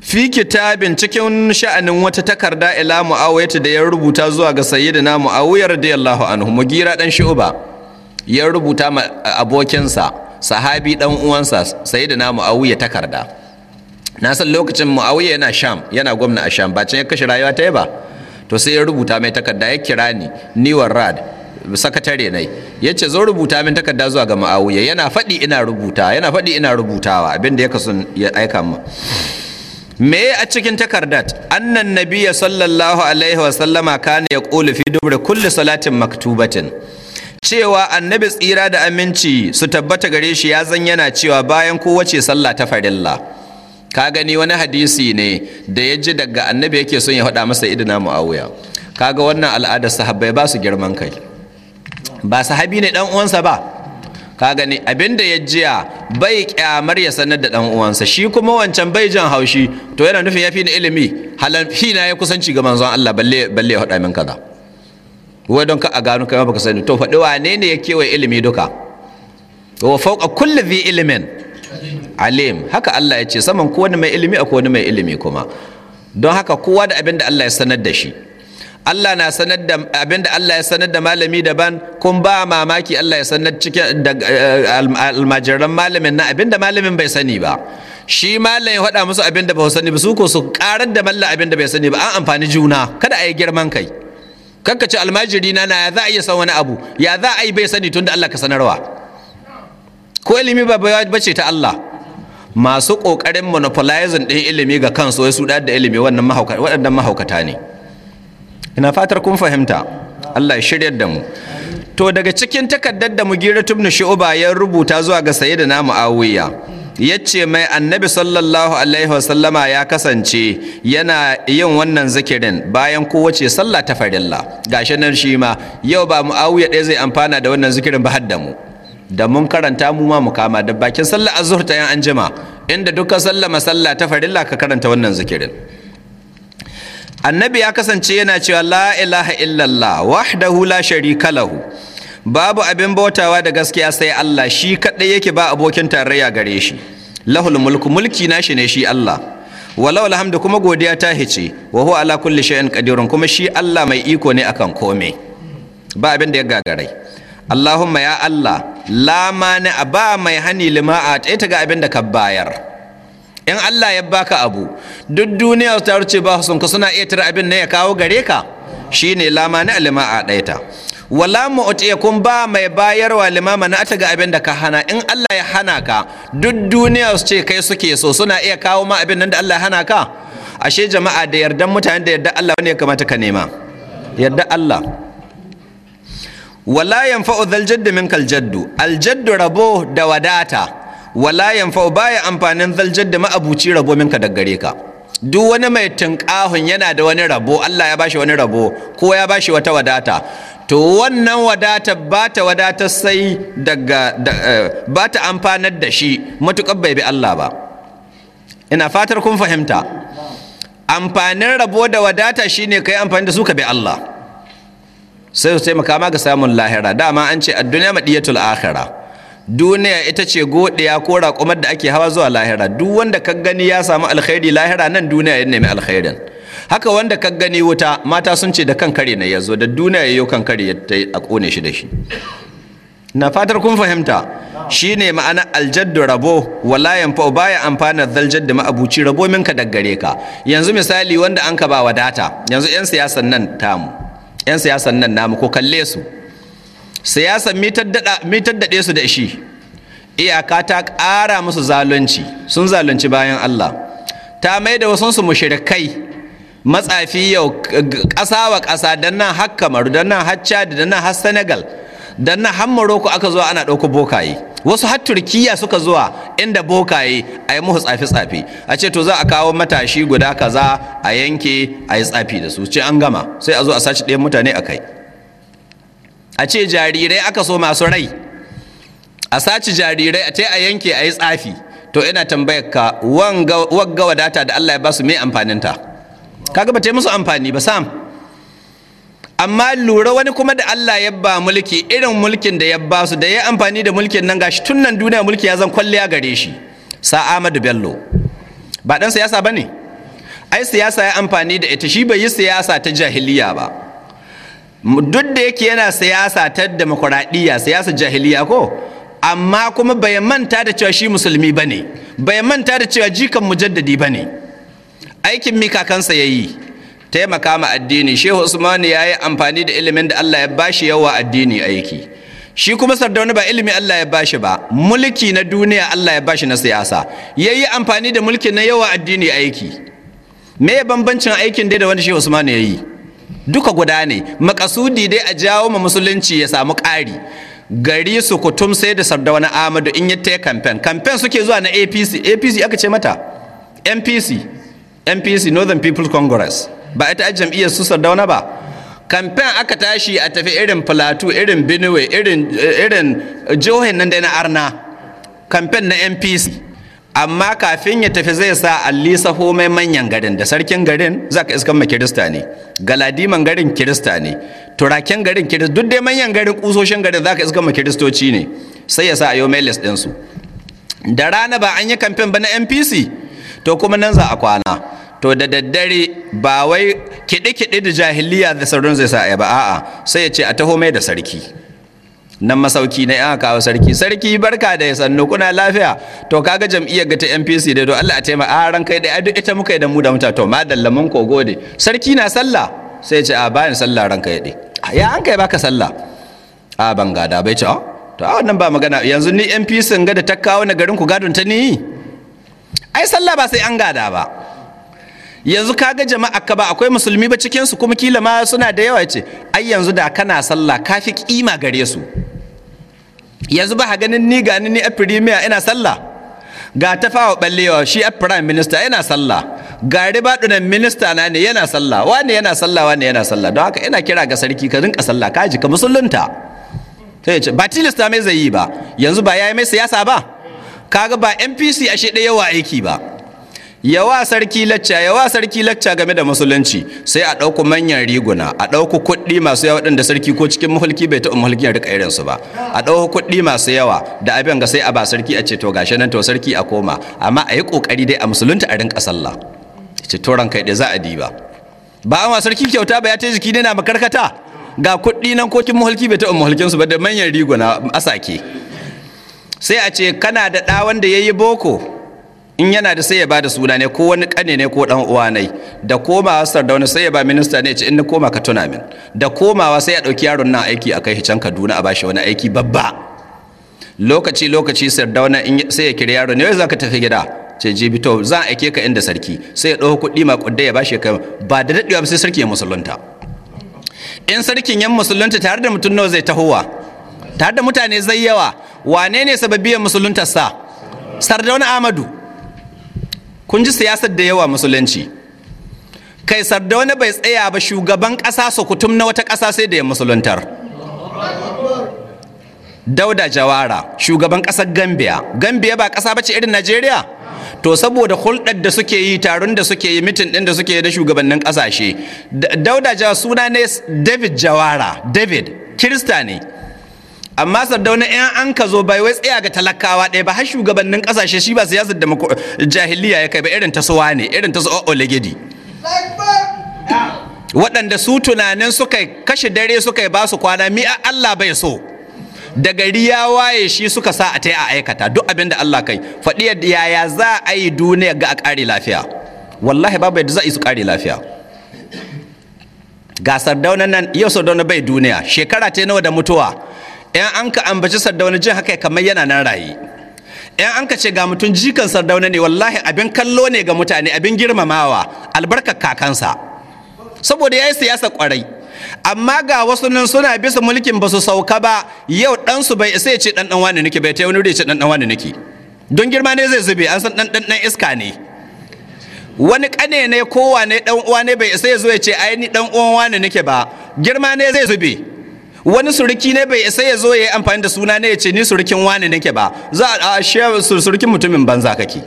fi kitabin cikin sha'anin wata takarda ila mu'awiyata da ya rubuta zuwa ga sayyidina mu'awiyar radiyallahu anhu mugira dan shi'uba ya rubuta ma abokinsa sahabi dan uwansa sayyidina mu'awiya takarda na san lokacin muawiya yana sham yana gwamna a sham bacin ya kashe rayuwa ta ba to sai ya rubuta mai takarda ya kira ni niwan rad sakatare nai ya ce zo rubuta min takarda zuwa ga muawiya yana faɗi ina rubuta yana faɗi ina rubutawa abinda ya kasu ya aika mu me a cikin takardar annan nabiya sallallahu alaihi wa wasallama kana ya ƙulu fi dubra kulli salatin maktubatin cewa annabi tsira da aminci su tabbata gare shi ya zan yana cewa bayan kowace sallah ta farilla ka gani wani hadisi ne da ya ji daga annabi yake son ya faɗa masa idina mu'awiya kaga wannan al'adar sahabbai ba su girman kai ba sahabi ne dan uwansa ba ka gani abinda ya jiya bai kyamar ya sanar da dan uwansa shi kuma wancan bai jan haushi to yana nufin ya fi ni ilimi fi na ya kusanci ga manzon Allah balle balle ya faɗa min kaza wai don ka a gano kai baka sani to faɗi wane ne ya kewaye ilimi duka wa fauka kulli bi ilmin alim haka Allah ya ce saman ko wani mai ilimi a wani mai ilimi kuma don haka kowa da abin da Allah ya sanar da shi Allah na sanar da abin da Allah ya sanar da malami daban kun ba mamaki Allah ya sanar cikin eh, almajiran malamin na abin da malamin bai sani ba shi malamin faɗa musu abin da ba sani ba su ko su karar da mallan abin da bai sani ba an amfani juna kada a yi girman kai kanka ce almajiri na na ya za a iya san wani abu ya za a yi bai sani tunda Allah ka sanarwa ko ilimi ba bace ta Allah masu ƙoƙarin monopolizing ɗin ilimi ga kansu wai su da ilimi wannan mahaukata waɗannan mahaukata ne ina fatar kun fahimta Allah ya shiryar da mu to daga cikin takardar da mu mugira tubnu shu'ba ya rubuta zuwa ga sayyidina muawiya yace mai annabi sallallahu alaihi wasallama ya kasance yana yin wannan zikirin bayan kowace sallah ta farilla gashi nan shi ma yau ba muawiya ɗaya zai amfana da wannan zikirin ba har da mu da mun karanta mu ma mukama da bakin sallah azhar ta yan anjima inda dukkan sallah masalla ta farilla ka karanta wannan zikirin annabi ya kasance yana cewa la ilaha illallah wahdahu la sharika lahu babu abin bautawa da gaskiya sai Allah shi kadai yake ba abokin tarayya gare shi lahul mulku mulki nashi ne shi Allah walau alhamdu kuma godiya ta hice wa huwa ala kulli shay'in qadirun kuma shi Allah mai iko ne akan komai ba abin da ya gagarai Allahumma ya Allah lama a ba mai hani lima'a ta ita ga abin da ka bayar in Allah ya baka abu duk duniya ta ce ba sun ka suna iya tara abin ne ya kawo gare ka shine lama na lima'a ɗaya ta wala mu'tiya kun ba mai bayarwa limama na ta ga abin da ka hana in Allah ya hana ka duk duniya su ce kai suke so suna iya kawo ma abin nan da Allah ya hana ka ashe jama'a da yardan mutane da yarda Allah wani ya kamata ka nema Yarda Allah wala yan fa’o zaljaddu min kaljaddu aljaddu rabo da wadata wala fa’o baya amfanin zaljaddu ma'abuci rabo minka da daggare ka duk wani mai tunƙahun yana da wani rabo Allah ya bashi wani rabo ko ya bashi wata wadata to wannan wadata ba ta wadata sai daga eh, ba ta amfanar da shi matuƙar bai bi Allah ba ina fatar kun fahimta amfanin rabo da wadata shine kai amfani da su ka bi Allah sai su taimaka ma ga samun lahira dama an ce adduniya madiyatul akhira duniya ita ce godiya ko raƙumar da ake hawa zuwa lahira duk wanda ka gani ya samu alkhairi lahira nan duniya ya nemi alkhairin haka wanda ka gani wuta mata sun ce da kan kare na yazo da duniya yayyo kan kare ya a kone shi da shi na fatar kun fahimta Shi ne ma'ana aljaddu rabo wala yanfa baya amfana zaljad da ma'abuci rabo minka daggare ka yanzu misali wanda an ka ba wadata yanzu yan siyasan nan tamu 'yan siyasan nan namu ko kalle su siyasan mitar daɗe su da shi iyaka ta ƙara musu zalunci sun zalunci bayan Allah ta mai da su mushrikai matsafi yau ƙasa wa ƙasa don nan har kamaru don nan har chad don nan har senegal dan na hammaro ku aka zuwa ana ɗauko bokaye wasu har turkiya suka zuwa inda bokaye a yi muhu tsafi-tsafi a ce to za a kawo matashi guda kaza a yanke a yi tsafi da su ce an gama sai a zo a sace ɗayan mutane a kai a ce jarirai aka so masu rai a sace jarirai a ce a yanke a yi tsafi to ina tambayar ka wagga wadata da allah ya ba su mai amfaninta kaga ba ta yi musu amfani ba sam amma lura wani kuma da Allah ya ba mulki irin mulkin da ya ba su da ya amfani da mulkin nan gashi tun nan duniya mulki ya zan kwalliya gare shi sa Ahmadu Bello ba dan siyasa bane ai siyasa ya amfani da ita shi bai yi siyasa ta jahiliya ba duk da yake yana siyasa ta demokuraɗiyya siyasa jahiliya ko amma kuma bai manta da cewa shi musulmi bane bai manta da cewa jikan mujaddadi bane aikin mi kakansa yayi taimaka ma addini shehu usman ya yi amfani da ilimin da allah ya bashi yawa addini aiki shi kuma sardauna ba ilimi allah ya bashi ba mulki na duniya allah ya bashi na siyasa ya yi amfani da mulki na yawa addini aiki me bambancin aikin dai da wani shehu usmanu ya yi duka guda ne makasudi dai a jawo ma musulunci ya samu ƙari gari su kutum sai da sardauna ahmadu in ya ta kamfen kamfen suke zuwa na apc apc aka ce mata npc npc northern people's congress ba ita jam'iyyar su sardauna ba kamfen aka tashi a tafi irin Platu, irin benue irin jihohin nan da na arna kamfen na npc amma kafin ya tafi zai sa allisa mai manyan garin da sarkin garin za ka iskan ma kirista ne galadiman garin kirista ne turaken garin kirista duk dai manyan garin kusoshin garin za ka iskan ma kiristoci ne sai ya sa a yau mailis ɗinsu da rana ba an yi kamfen ba na npc to kuma nan za a kwana to da daddare ba wai kiɗi-kiɗi da jahiliya da sauran zai sa ba a'a sai ya ce a taho mai da sarki nan masauki na yan kawo sarki sarki barka da ya sannu kuna lafiya to kaga jam'iyyar ga ta NPC da to Allah a taimaka a ah, ran kai da duk ita muka yi da mu da mutane to madalla mun ko gode sarki na sallah sai ce a ah, bayan sallah ran kai dai ah, ya an kai baka sallah a ban gada bai ce to a wannan ba magana yanzu ni NPC ga da ta kawo na garin ku gadon ta ni ai sallah ba sai an gada ba yanzu kaga jama'a ka ba akwai musulmi ba cikin su kuma kila ma suna da yawa ce ai yanzu da kana sallah fi kima gare su yanzu ba ganin ni gani ni a premier ina sallah ga tafawa ballewa shi a prime minister yana sallah ga dunan minista na ne yana sallah wani yana sallah wani yana sallah don haka ina kira ga sarki ka rinka sallah ka ji ka musulunta sai ce ba tilasta mai zai yi ba yanzu ba yayi mai siyasa ba kaga ba NPC ashe ɗaya yawa aiki ba yawa sarki lacca yawa sarki lacca game da musulunci sai a ɗauku manyan riguna a ɗauku kuɗi masu yawa ɗin da sarki ko cikin mulki bai taɓa mulkin rika irin su ba a ɗauku kuɗi masu yawa da abin ga sai a ba sarki a ce to gashi nan to sarki a koma amma a yi ƙoƙari dai a musulunta a rinka sallah ce to kai dai za a diba ba a sarki kyauta ba ya ta jiki ne na makarkata ga kuɗi nan ko kin mulki bai taɓa mulkin su ba da manyan riguna asake sai a ce kana da ɗa wanda yayi boko in yana da sai ya ba da suna ne ko wani kane ne ko dan uwa ne da komawa sardauna sai ya ba minista ne ce in ni koma ka tuna min da komawa sai ya dauki yaron nan aiki a kai can Kaduna a bashi wani aiki babba lokaci lokaci sardauna sai ya kira yaron ne za ka tafi gida ce jibi to za a aike ka inda sarki sai ya dauko kuɗi ma kudda ya bashi kai ba da dadewa sai sarki ya musulunta in sarkin yan musulunta tare da mutum nawa zai tahowa tare da mutane zai yawa wane ne sababiyan musuluntarsa sardauna amadu kun ji siyasar da yawa musulunci kai sarda wani bai tsaya ba shugaban ƙasa su kutum na wata ƙasa sai da ya musuluntar dauda jawara shugaban ƙasar gambia gambia ba ƙasa bace irin najeriya to saboda hulɗar da suke yi taron da suke yi mitin ɗin da suke yi da shugabannin ƙasashe dauda jawara suna ne david jawara david kirista ne amma sardauna in an ka zo bai wai tsaya ga talakawa ɗaya ba har shugabannin ƙasashe shi ba siyasar da jahiliya ya kai ba irin ta suwa ne irin ta su olegedi waɗanda su tunanin suka kashe dare suka yi ba su kwana mi Allah bai so da gari ya waye shi suka sa a tai a aikata duk abin da Allah kai faɗi yaya za a yi duniya ga a ƙare lafiya wallahi babu yadda za a yi su ƙare lafiya gasar daunan nan yau sau bai duniya shekara ta nawa da mutuwa yan an ka ambaci sardauna jin haka kamar yana nan raye yan an ka ce ga mutum jikan sardauna ne wallahi abin kallo ne ga mutane abin girmamawa albarkar kakansa saboda ya yi siyasa kwarai amma ga wasu nan suna bisa mulkin ba su sauka ba yau ɗansu bai isa ya ce ɗan wani nake bai ta wani ya ce ɗan wani nake don girma ne zai zube an san ɗan iska ne wani ƙane ne kowa ne ɗan uwa ne bai isa ya zo ya ce ai ni ɗan uwan wani nake ba girma ne zai zube wani suruki ne bai isa ya zo ya yi amfani da suna ne ya ce ni surukin wani nake ba za a shewar surukin mutumin banza kake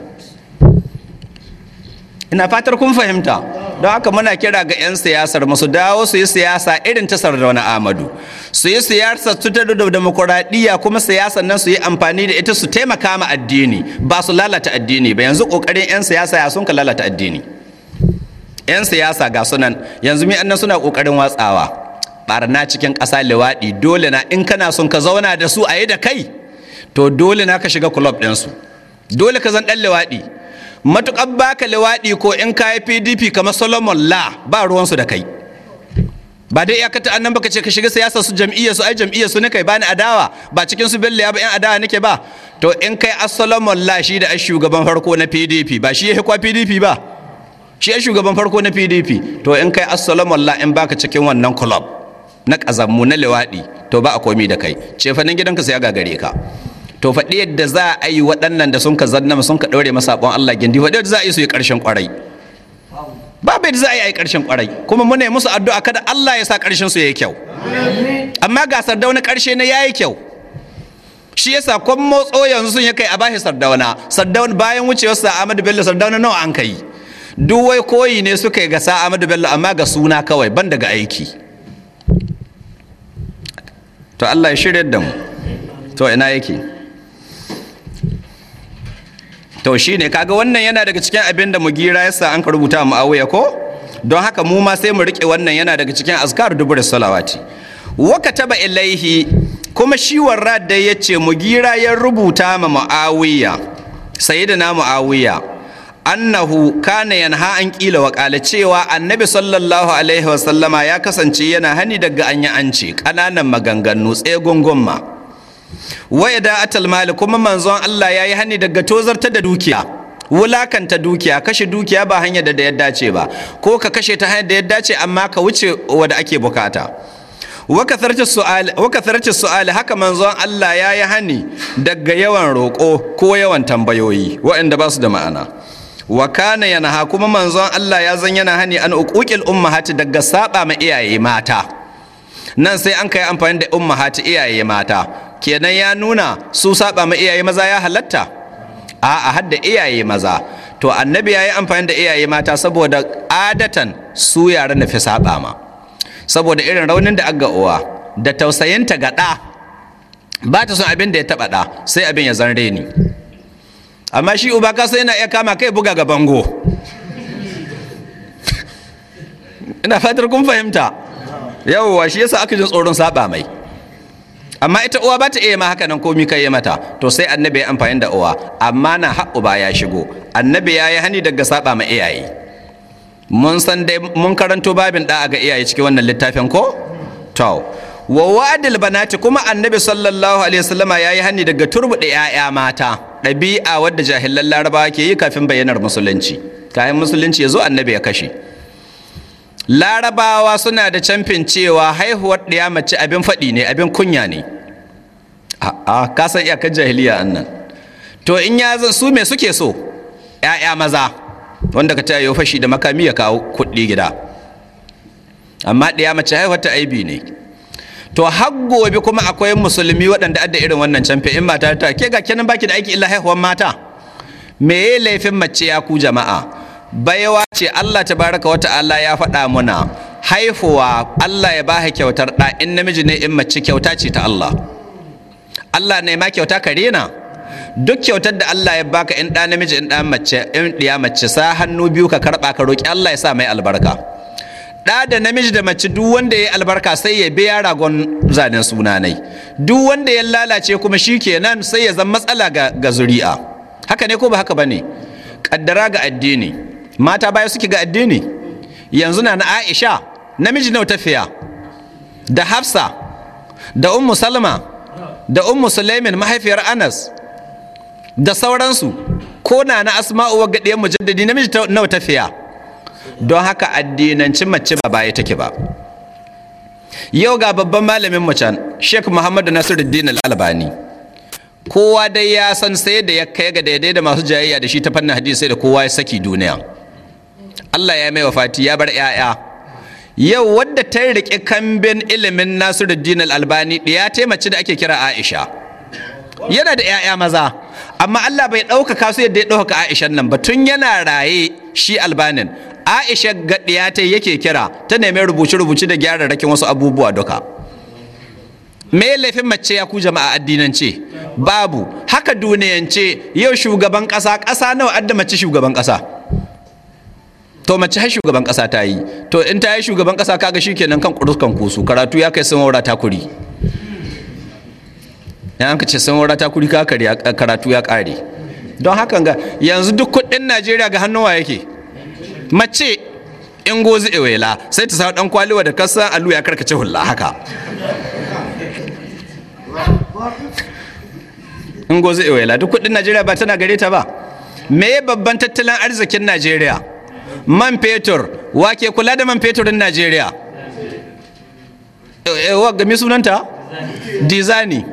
ina fatar kun fahimta don haka muna kira ga 'yan siyasar masu dawo su yi siyasa irin ta wani amadu su yi siyasa su ta da demokuraɗiyya kuma siyasa nan su yi amfani da ita su taimaka ma addini ba su lalata addini ba yanzu ƙoƙarin 'yan siyasa ya sun ka lalata addini 'yan siyasa ga sunan yanzu mi annan suna ƙoƙarin watsawa barna cikin ƙasa liwaɗi dole na in kana son ka zauna da su a yi da kai to dole na ka shiga kulob ɗinsu dole ka zan ɗan liwaɗi matuƙar baka liwaɗi ko in ka yi pdp kamar solomon la ba ruwansu da kai ba dai ya kata annan baka ce ka shiga siyasa su jam'iyya su ai jam'iyya su ne kai bani adawa ba cikin su ya ba yan adawa nake ba to in kai Solomon La shi da shugaban farko na PDP ba shi yake kwa PDP ba shi shugaban farko na PDP to in kai Solomon La in baka cikin wannan club na ƙazammu na lewaɗi to ba a komi da kai ce fa nan gidanka sai ya gagare ka to faɗi yadda za a yi waɗannan da sun ka zanna sun ka ɗaure masa ɓon Allah gindi faɗi yadda za a yi su yi ƙarshen ƙwarai babu yadda za a yi a yi ƙarshen ƙwarai kuma muna yi musu addu'a kada Allah ya sa ƙarshen su ya yi kyau amma ga sardauna ƙarshe na ya yi kyau shi yasa kwan motso yanzu sun yi kai a bashi sardauna sardauna bayan wucewar sa Ahmadu Bello sardauna nawa an kai duk wai koyi ne suka yi ga sa Ahmadu Bello amma ga suna kawai ban daga aiki to Allah ya shirya da mu to ina yake to shi ne, kaga wannan yana daga cikin abin da mugira yasa an ka rubuta mu awuya ko don haka mu ma sai mu rike wannan yana daga cikin azkar dubur salawati wa kataba ilaihi kuma shi warrad da yace gira ya rubuta ma muawiya sayyidina muawiya annahu kana yanha an kila wa kala cewa annabi sallallahu alaihi wasallama ya kasance yana hani daga anyi anci kananan ƙananan maganganu tsaye gungunma waya da atal mali kuma manzon Allah ya yi hani daga tozarta da dukiya wulakanta dukiya kashe dukiya ba hanyar da ya dace ba ko ka kashe ta hanyar da ya dace amma ka wuce wadda ake bukata waka sarci su'ali haka manzon Allah ya yi hani daga yawan roƙo ko yawan tambayoyi waɗanda ba su da ma'ana wa kana yanha kuma manzon Allah ya zan yana hani an uƙuƙil ummahati daga saba ma iyaye mata nan sai an kai amfani da ummahati iyaye mata kenan ya nuna su saba ma iyaye maza ya halatta a a hadda iyaye maza to annabi ya yi amfani da iyaye mata saboda adatan su yara na fi saba ma saboda irin raunin da aga uwa da tausayinta ga ɗa ba ta son abin da ya taɓa ɗa sai abin ya zan reni amma shi uba ka yana iya kama kai buga ga bango ina fatar kun fahimta yawwa shi yasa aka jin tsoron saba mai amma ita uwa ba ta iya ma haka nan komi kai ya mata to sai annabi ya amfani da uwa amma na haƙu ba ya shigo annabi ya yi hani daga saba ma iyaye mun san dai mun karanto babin da ga iyaye cikin wannan littafin ko to wa wa'adil banati kuma annabi sallallahu alaihi wasallama ya yi hani daga da 'ya'ya mata ɗabi'a wadda jahilan larabawa ke yi kafin bayyanar musulunci kayan musulunci ya zo annabi ya kashe larabawa suna da camfin cewa haihuwar ɗaya mace abin faɗi ne abin kunya ne a'a ka san iyakar jahiliya annan to in ya zan su me suke so ‘ya'ya maza wanda ka tayo fashi da makami ya kawo kuɗi gida amma ɗaya mace haihuwar ta aibi ne to har gobe kuma akwai musulmi waɗanda adda irin wannan camfe in mata ta ke ga kenan baki da aiki illa haihuwar mata me laifin mace ya ku jama'a baiwa ce Allah ta baraka wata Allah ya faɗa muna haifuwa Allah ya baka kyautar ɗa in namiji ne in mace kyauta ce ta Allah Allah ne ma kyauta ka rena duk kyautar da Allah ya baka in ɗa namiji in ɗa mace in ɗiya mace sa hannu biyu ka karɓa ka roƙi Allah ya sa mai albarka ɗa da namiji da mace duk wanda ya albarka sai ya biya ragon zanen sunanai duk wanda ya lalace kuma shi kenan sai ya zama matsala ga ga zuri'a haka ne ko ba haka ba ne ƙaddara ga addini mata baya suke ga addini yanzu na na aisha namiji na tafiya da hafsa da ummu salma da ummu sulaimin mahaifiyar anas da sauransu ko na na asma'u wa ga mujaddadi namiji na tafiya don haka addinanci mace ba baya take ba yau ga babban malamin mu can sheikh muhammadu nasiruddin al-albani kowa dai ya san sai da ya kai ga daidai da masu jayayya da shi ta fannin hadisi sai da kowa ya saki duniya Allah ya mai wafati ya bar 'ya'ya yau wadda ta riƙe kambin ilimin nasiruddin al-albani ya taimaci da ake kira aisha yana da 'ya'ya maza amma Allah bai ɗaukaka su yadda ya ɗaukaka aishan nan ba tun yana raye shi albanin aisha gaɗiya ta yake kira ta nemi rubuce-rubuce da gyara rakin wasu abubuwa duka me laifin mace ya ku jama'a addinance babu haka duniyance yau shugaban ƙasa ƙasa nawa adda mace shugaban ƙasa to mace har shugaban ƙasa ta yi to in ta yi shugaban ƙasa kaga shikenan kan kuruskan kusu karatu ya kai sun wura takuri ya an ka ce sun wura takuri ka karatu ya ƙare don hakan ga yanzu duk kuɗin najeriya ga hannuwa yake mace in gozi ewela sai ta samu dan kwaliwa da kasa alu ya karkace hulla haka in gozi ewela duk kudin najeriya ba tana gare ta ba me babban tattalin arzikin najeriya man fetur wake kula da man fetorin najeriya game e, e, sunanta dizani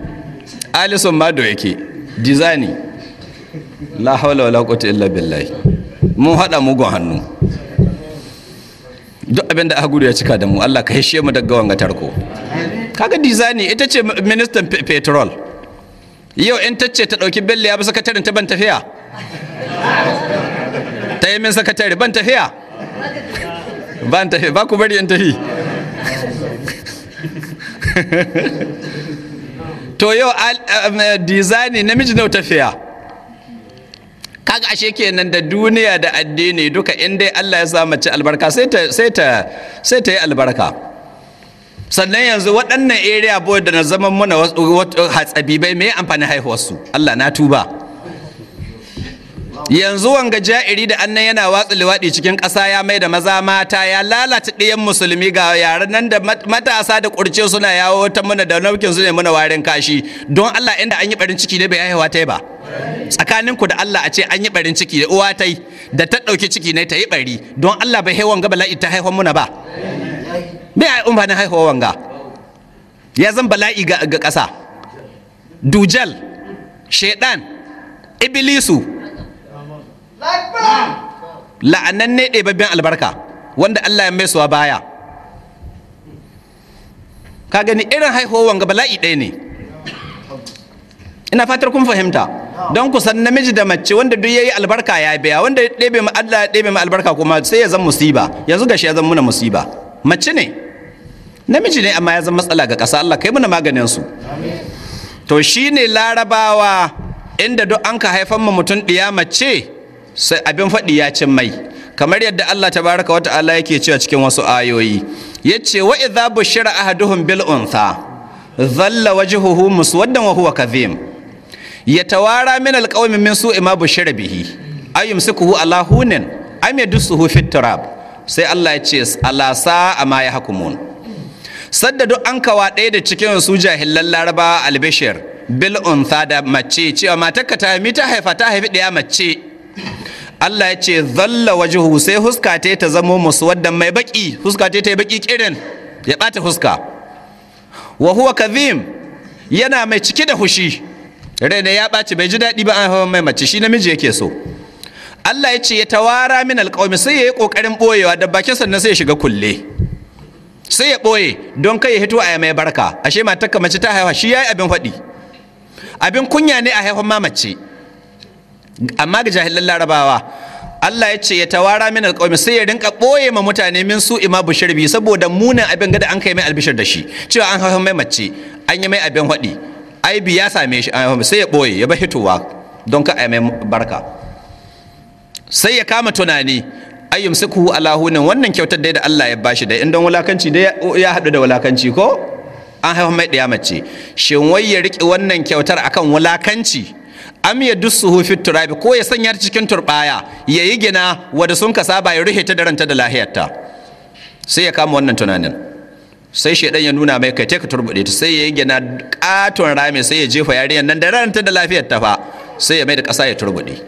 alison mado yake dizani la haula wala quwwata illa billahi mun haɗa mugun hannu duk abin da aguri ya cika da mu Allah ka hishe mu daga wanga tarko kaga dizani ita ce ministan petrol yau in tacce ta ɗauki belle ya bi sakataren ta ban tafiya ta yi min sakatare ban tafiya ban tafi ba ku bari in tafi to yau um, dizani namiji nau tafiya kaga ashe kenan da duniya da addini duka in dai Allah ya sa mace albarka sai ta sai ta sai ta yi albarka sannan yanzu waɗannan area boy da na zaman muna hatsabibai me amfani haihuwarsu Allah na tuba yanzu wanga ja'iri da annan yana watsa liwaɗi cikin ƙasa ya mai da maza mata ya lalata ɗiyan musulmi ga yaran nan da matasa da ƙurce suna yawo ta muna da naukin su ne muna warin kashi don Allah inda an yi barin ciki ne bai haihuwa ta ba tsakanin ku da Allah a ce an yi barin ciki da uwa ta yi da ta ɗauki ciki ne ta yi bari don Allah bai haihuwan ga bala'i ta haihuwan muna ba bai a umfanin haihuwan ga ya zan bala'i ga ƙasa dujal shaidan iblisu la'anan ne ɗebabben albarka wanda Allah ya mai suwa baya ka gani irin haihuwan ga bala'i ɗaya ne ina fatar kun fahimta don ku san namiji da mace wanda duk yayi albarka ya biya wanda ya ɗebe mu Allah ya ɗebe mu albarka kuma sai ya zan musiba yanzu gashi ya zan muna musiba mace ne namiji ne amma ya zan matsala ga ƙasa Allah kai muna maganin su to shine larabawa inda duk an ka haifan mu mutum ɗiya mace sai abin faɗi ya cin mai kamar yadda Allah tabaraka wa ta'ala yake cewa cikin wasu ayoyi yace wa idza bushira ahaduhum bil untha dhalla wajhuhu muswaddan wa huwa kadhim ya tawara min alƙawamin min su ima bushira bihi ayyum sukuhu alahunin am dusu hu, turab sai Allah ya ce alasa ma ya hakumun sadda duk an kawa ɗaya da cikin su jahilan laraba albishir bil untha da mace cewa matarka ta mi ta haifa ta haifi ɗaya mace Allah ya ce zalla wajhu sai huska ta ta zamo musu wadda mai baki huska ta yi baki kirin ya ɓata huska wa huwa kazim yana mai cike da hushi rai raina ya ɓaci bai ji daɗi ba an hawan mai mace shi namiji yake so Allah ya ce ya tawara min alƙawmi sai ya yi ƙoƙarin ɓoyewa da bakin sannan sai ya shiga kulle sai ya ɓoye don kai ya hito a mai barka ashe matar ka mace ta haihuwa shi ya yi abin faɗi abin kunya ne a haihuwan ma mace amma ga jahilan larabawa Allah ya ce ya tawara min alƙawmi sai ya rinka ɓoye ma mutane min su ima bushirbi saboda munin abin gada an kai mai albishir da shi cewa an haihuwa mai mace an yi mai abin faɗi aibi ya same shi eh, sai ya ɓoye ya bar hitowa don ka mai barka sai ya kama tunani ayyum sukuhu alahunin wannan kyautar dai da Allah ya bashi dai in don wulakanci dai ya haɗu da wulakanci ko an haifa mai ɗaya mace shin wai ya riƙe wannan kyautar akan wulakanci am ya dussuhu fi turabi ko ya sanya cikin turbaya ya yi gina wanda sun kasaba ya ruhe ta da ranta da lahiyarta sai ya kama wannan tunanin sai shaidan ya nuna mai kai ka turbude ta sai ya yi gina katon rami sai ya jefa yarinyar nan da ranta da lafiyar ta fa sai ya mai da ƙasa ya turbuɗe.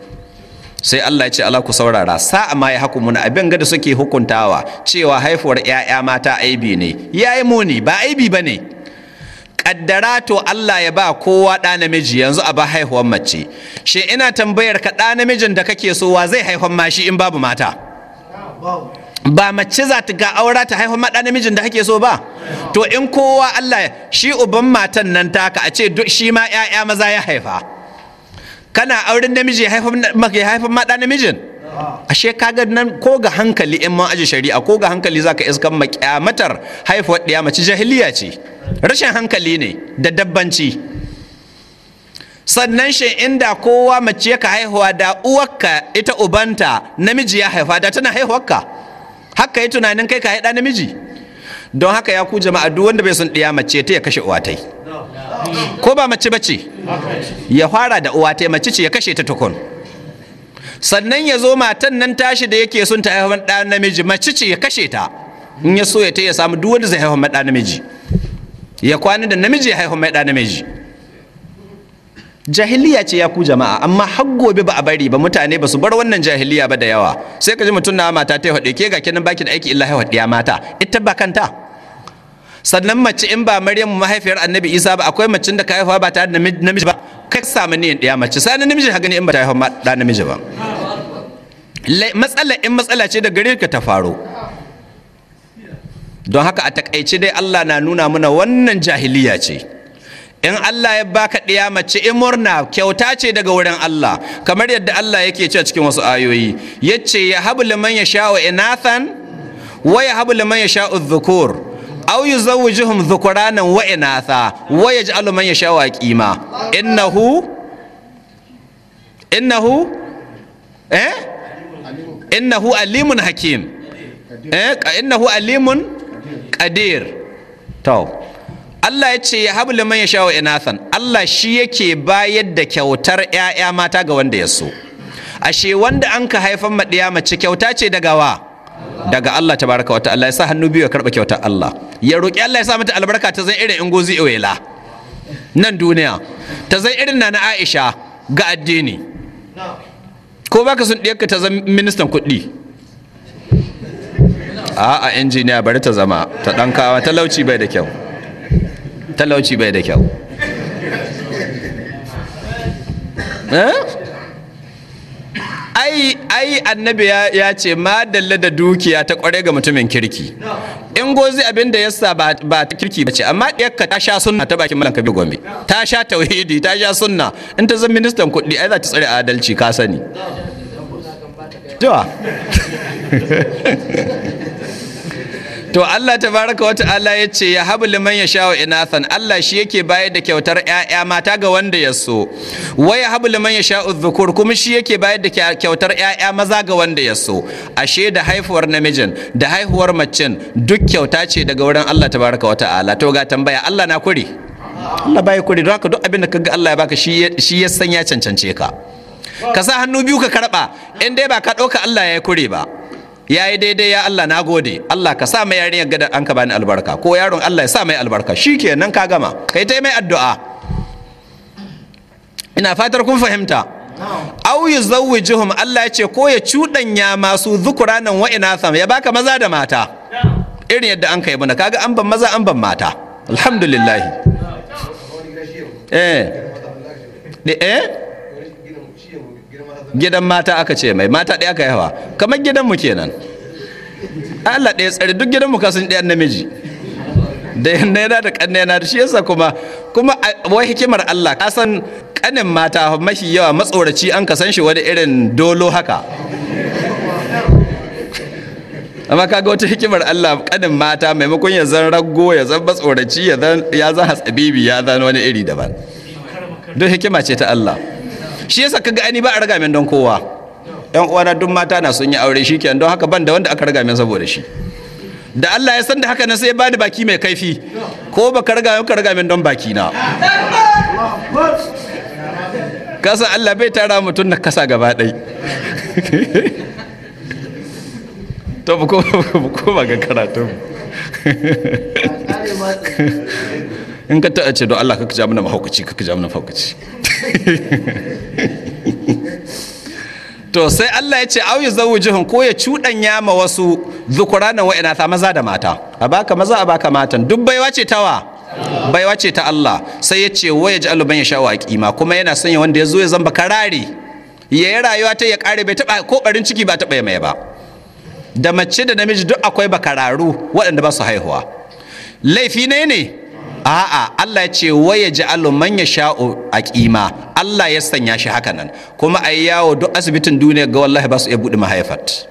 sai Allah ya ce ala ku saurara sa'a ma ya haku muna abin ga da suke hukuntawa cewa haifuwar ƴaƴa mata aibi ne yayi muni ba aibi bane kaddara to Allah ya ba kowa ɗa namiji yanzu a ba haihuwar mace shi ina tambayar ka ɗa namijin da kake so wa zai haihuwar mashi in babu mata ba mace za ta ga aura ta haifa maɗa namijin da kake so ba to in kowa Allah shi uban matan nan taka a ce duk shi ma 'ya'ya maza ya haifa kana auren namiji ya haifa maɗa namijin ashe kaga nan ko ga hankali in mun aji shari'a ko ga hankali zaka iskan makyamatar haifuwa ɗaya mace jahiliya ce rashin hankali ne da dabbanci sannan shi inda kowa mace ka haihuwa da uwarka ita ubanta namiji ya haifa da tana haihuwarka haka yi tunanin kai ka haɗa namiji don haka ya ku jama'a duk wanda bai sun ɗiya mace ta ya kashe uwatai ko ba mace bace ya fara da uwatai mace ce ya kashe ta tukun sannan ya zo matan nan tashi da yake sun ta haifar ɗa namiji mace ce ya kashe ta in ya so ya ta ya samu duk wanda zai haifar ɗa namiji ya kwana da namiji ya haifar mai ɗa namiji jahiliya ce ya ku jama'a amma har gobe ba a bari ba mutane ba su bar wannan jahiliya ba da yawa sai ka ji mutum na mata ta haɗe ke ga kenan baki da aiki illahi haɗiya mata ita ba kanta sannan mace in ba maryamu mahaifiyar annabi isa ba akwai mace da ka haifa ba tare da namiji ba kai samu ne ɗaya mace sai namiji ka gani in ba ta haifa da namiji ba matsala in matsala ce da gare ka ta faro don haka a takaice dai Allah na nuna mana wannan jahiliya ce in Allah ya baka ɗiya mace in murna kyauta ce daga wurin Allah kamar yadda Allah yake cewa cikin wasu ayoyi Ya ce ya habu liman ya sha'u inathan wa ya habu liman ya sha'u dhukur aw yuzawwijuhum dhukuranan wa inatha wa yaj'alu man ya ji qima innahu innahu eh innahu alimun hakim eh innahu alimun qadir Allah ya ce ya habu liman ya shawo inathan Allah shi yake bayar da kyautar 'ya'ya mata ga wanda ya so ashe wanda an ka haifan maɗiya mace kyauta ce daga wa daga Allah tabaraka wa ta'ala ya sa hannu biyu ya karɓa kyautar Allah ya roƙi Allah ya sa mata albarka ta zan irin ingozi iwela nan duniya ta zan irin na Aisha ga addini ko baka sun ka ta zan ministan kuɗi a'a injiniya bari ta zama ta ɗan kawa talauci bai da kyau talauci bai da kyau eh? ai annabi ya ce ma dalle da dukiya ta kware ga mutumin kirki in gozi abin da yasa ba ta kirki ce amma diyarka ta sha sunna ta bakin malam kabir gombe ta sha tauhidi ta sha sunna in ta zan ministan kuɗi ai za ta tsare adalci ka sani to Allah tabaraka wa ta'ala ya ce ya habu liman ya sha inathan Allah shi yake bayar da kyautar ƴaƴa mata ga wanda ya so wa ya habu liman ya sha dhukur kuma shi yake bayar da kyautar ƴaƴa maza ga wanda ya so ashe da haifuwar namijin da haihuwar macen duk kyauta ce daga wurin Allah tabaraka wa ta'ala to ga tambaya Allah na kuri Allah bai kuri don haka duk abin da kaga Allah ya baka shi ya san ya cancance ka ka sa hannu biyu ka karba in dai ba ka ɗauka Allah ya kure ba ya yi daidai ya Allah na gode Allah ka sa mai yarinyar gada an ka bani albarka ko yaron Allah ya sa mai albarka Shi ke nan ka gama kai ta mai addu'a ina fatar kun fahimta au jihum Allah ya ce ko ya cuɗanya masu zukuranan wa sam ya baka maza da mata irin yadda an ka mana kaga an ban maza an ban mata eh, eh? gidan mata aka ce mai mata ɗaya aka yawa kamar gidanmu kenan Allah ɗaya tsari duk gidanmu kasan ɗayan namiji da yana yana da kanne yana da shi yasa kuma kuma wai hikimar Allah kasan kanin mata mafi yawa matsoraci an kasan shi wani irin dolo haka amma kaga wata hikimar Allah kanin mata maimakon ya zan rago ya zan matsoraci ya zan hatsabibi ya zan wani iri daban duk hikima ce ta Allah shi yasa kaga ani ba a raga min don kowa yan uwana duk mata na sun yi aure shikenan don haka ban da wanda aka raga min saboda shi da Allah ya san da haka nan sai ba ni baki mai kaifi ko ba ka raga ka raga min don baki na kasa Allah bai tara mutum na kasa gaba dai to ko ba ga karatu in ka ta'a ce don Allah kaka ja mana mahaukaci kaka ja mana faukaci to sai Allah ya ce au yi zawujihun ko ya cuɗanya ma wasu zukuranan wa'ina ta maza da mata a baka maza a baka matan duk baiwa ce tawa baiwa ce ta Allah sai ya ce wa ya ji aluban ya sha wa kima kuma yana sanya wanda ya zo ya zamba karare ya yi rayuwa ta ya kare bai taɓa ko barin ciki ba taɓa ya mai ba da mace da namiji duk akwai bakararu waɗanda ba su haihuwa laifi ne ne a'a Allah ya ce waya ja'alu man a kima. Allah ya sanya shi haka nan kuma yi yawo duk asibitin duniya ga wallahi ba su iya buɗe mahaifat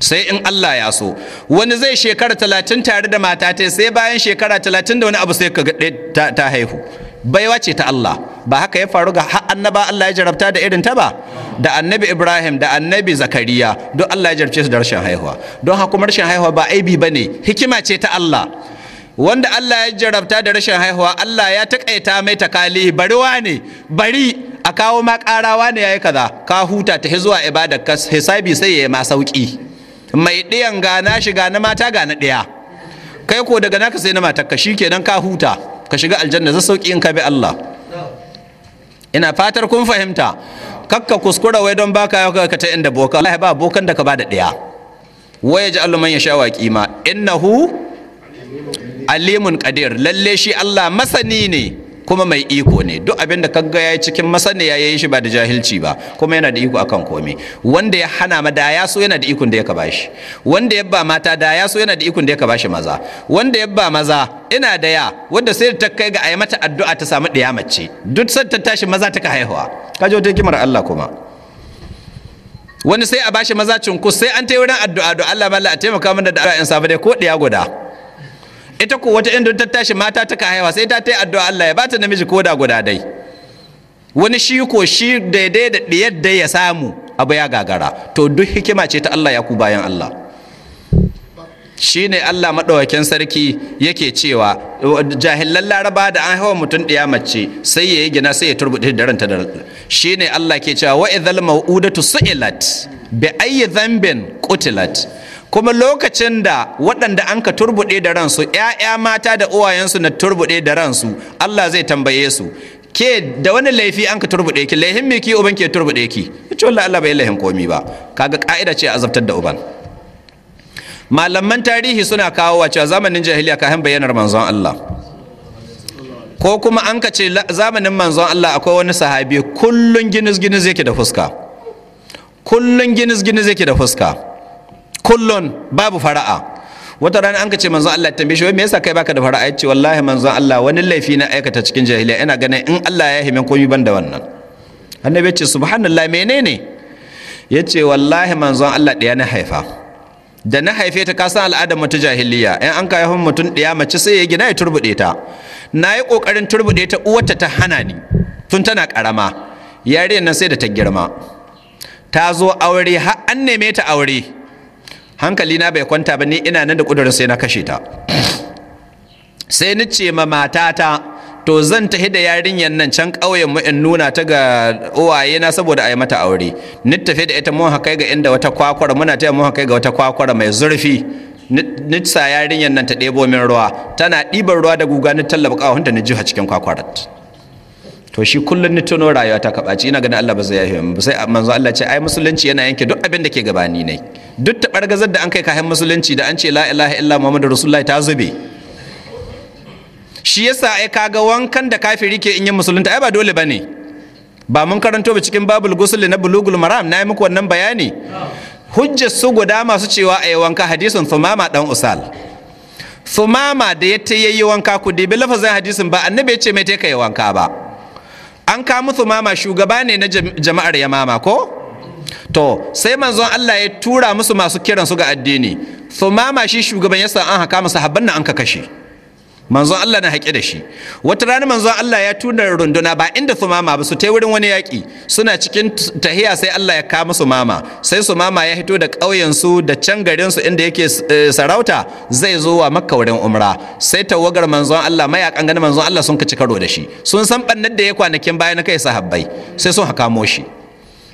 sai in Allah ya so wani zai shekara talatin tare da mata ta sai bayan shekara talatin da wani abu sai ka ga ta haihu baiwa ce ta Allah ba haka ya faru ga har annaba Allah ya jarabta da irin ta ba da annabi Ibrahim da annabi Zakariya don Allah ya jarabce su da rashin haihuwa don haka kuma rashin haihuwa ba aibi bane hikima ce ta Allah wanda Allah ya jarabta da rashin haihuwa Allah ya takaita mai takali bari wane bari a kawo ma ƙarawa ne yayi kaza ka huta ta zuwa ibada ka hisabi sai ya ma sauki mai ɗiyan gana shi gana mata gana ɗaya kai ko daga naka sai na matarka shikenan ka huta ka shiga aljanna za sauki in ka bi Allah ina fatar kun fahimta kakka kuskura wai don baka yau ka ta inda boka Allah ba bokan da ka ba da ɗaya waya ji Allah ya sha waƙi ma innahu alimun qadir lalle shi Allah masani ne kuma mai iko ne duk abin da ya yi cikin masaniya yi shi ba da jahilci ba kuma yana da iko akan komai wanda ya hana ma da ya so yana da ikon da ya kaba shi wanda ya ba mata da ya so yana da ikon da ya kaba shi maza wanda ya ba maza ina da ya wanda sai ta kai ga ayi mata addu'a ta samu ɗaya mace duk sai ta tashi maza ta ka haihuwa kaje wata hikimar Allah kuma wani sai a bashi maza cinku sai an ta yi wurin addu'a do Allah mallaka a taimaka mana da addu'a in samu dai ko ɗaya guda ita ko wata inda ta tashi mata ta haihuwa sai ta ta yi addu'a Allah ya bata namiji ko da guda dai wani shi ko shi daidai da diyar da ya samu abu ya gagara to duk hikima ce ta Allah ya ku bayan Allah shine Allah madawakin sarki yake cewa jahilan laraba da an hawa mutum ɗaya mace sai ya yi gina sai ya turbuɗe da ranta da shi shine Allah ke cewa wa idhal mau'udatu su'ilat bi ayyi dhanbin qutilat kuma lokacin da waɗanda an ka turbuɗe da ransu ‘ya'ya mata da uwayensu na turbuɗe da ransu Allah zai tambaye su ke da wani laifi an ka turbuɗe ki laifin miki ki uban ke turbuɗe ki ce wani Allah bai laifin komi ba kaga ka'ida ce azabtar da uban malaman tarihi suna kawo cewa zamanin jahiliya ka hain bayyanar manzon Allah ko kuma an ka ce zamanin manzon Allah akwai wani sahabi kullun ginis ginis yake da fuska kullun ginis ginis yake da fuska kullun babu fara'a wata rana an ka ce manzon Allah tambaye shi me yasa kai baka da fara'a yace wallahi manzon Allah wani laifi na aikata cikin jahiliya ina ganin in Allah ya himin komai ban da wannan annabi yace subhanallah menene yace wallahi manzon Allah ɗaya na haifa da na haife ta kasan al'adar mu jahiliya in an kai hun mutum ɗaya mace sai ya gina ya turbude ta na yi ƙoƙarin turbude ta uwarta ta hana ni tun tana ƙarama yare nan sai da ta girma ta zo aure har an neme ta aure hankali na bai kwanta ba ni ina nan da kudurin sai na kashe ta sai ni ce ma matata to zan tahi da yarinyar nan can ƙauyen mu in nuna ta ga uwaye na saboda a yi mata aure ni tafi da ita mun kai ga inda wata kwakwara muna taya mun kai ga wata kwakwara mai zurfi ni sa yarinyar nan ta ɗebo min ruwa tana ɗiban ruwa da guga ni tallaba ƙawahunta ni jiha cikin kwakwarat to shi kullun ni tuno rayuwa ta kabaci ina ganin Allah ba zai yafe mu sai manzo Allah ce ai musulunci yana yanke duk abin da ke gabani ne duk ta bargazar da an kai kayan musulunci da an ce la ilaha illa muhammadu rasulullahi ta zube shi yasa ai kaga wankan da kafiri ke in yin musulunta ai ba dole bane ba mun karanto ba cikin babul gusul na bulugul maram na yi muku wannan bayani hujjar su guda masu cewa a ai wanka hadisin thumama dan usal thumama da ya ta yayi wanka ku dibi lafazin hadisin ba annabi ya ce mai ta yi wanka ba an ka musu mama shugaba ne na jama'ar yamama ko to sai manzon Allah ya tura musu masu kiransu ga addini Su mama shi shugaban yasa an haka musu habban nan an ka kashe manzon Allah na haƙe da shi wata rana manzon Allah ya tuna runduna ba inda su mama ba su tai wurin wani yaƙi suna cikin tahiya sai Allah ya kama su mama sai su mama ya hito da ƙauyen su da can garin su inda yake eh, sarauta zai zo wa makka wurin umra sai tawagar manzon Allah mayakan ganin manzon Allah sun kaci karo da shi sun san bannar da ya kwanakin baya na kai sahabbai sai sun haka shi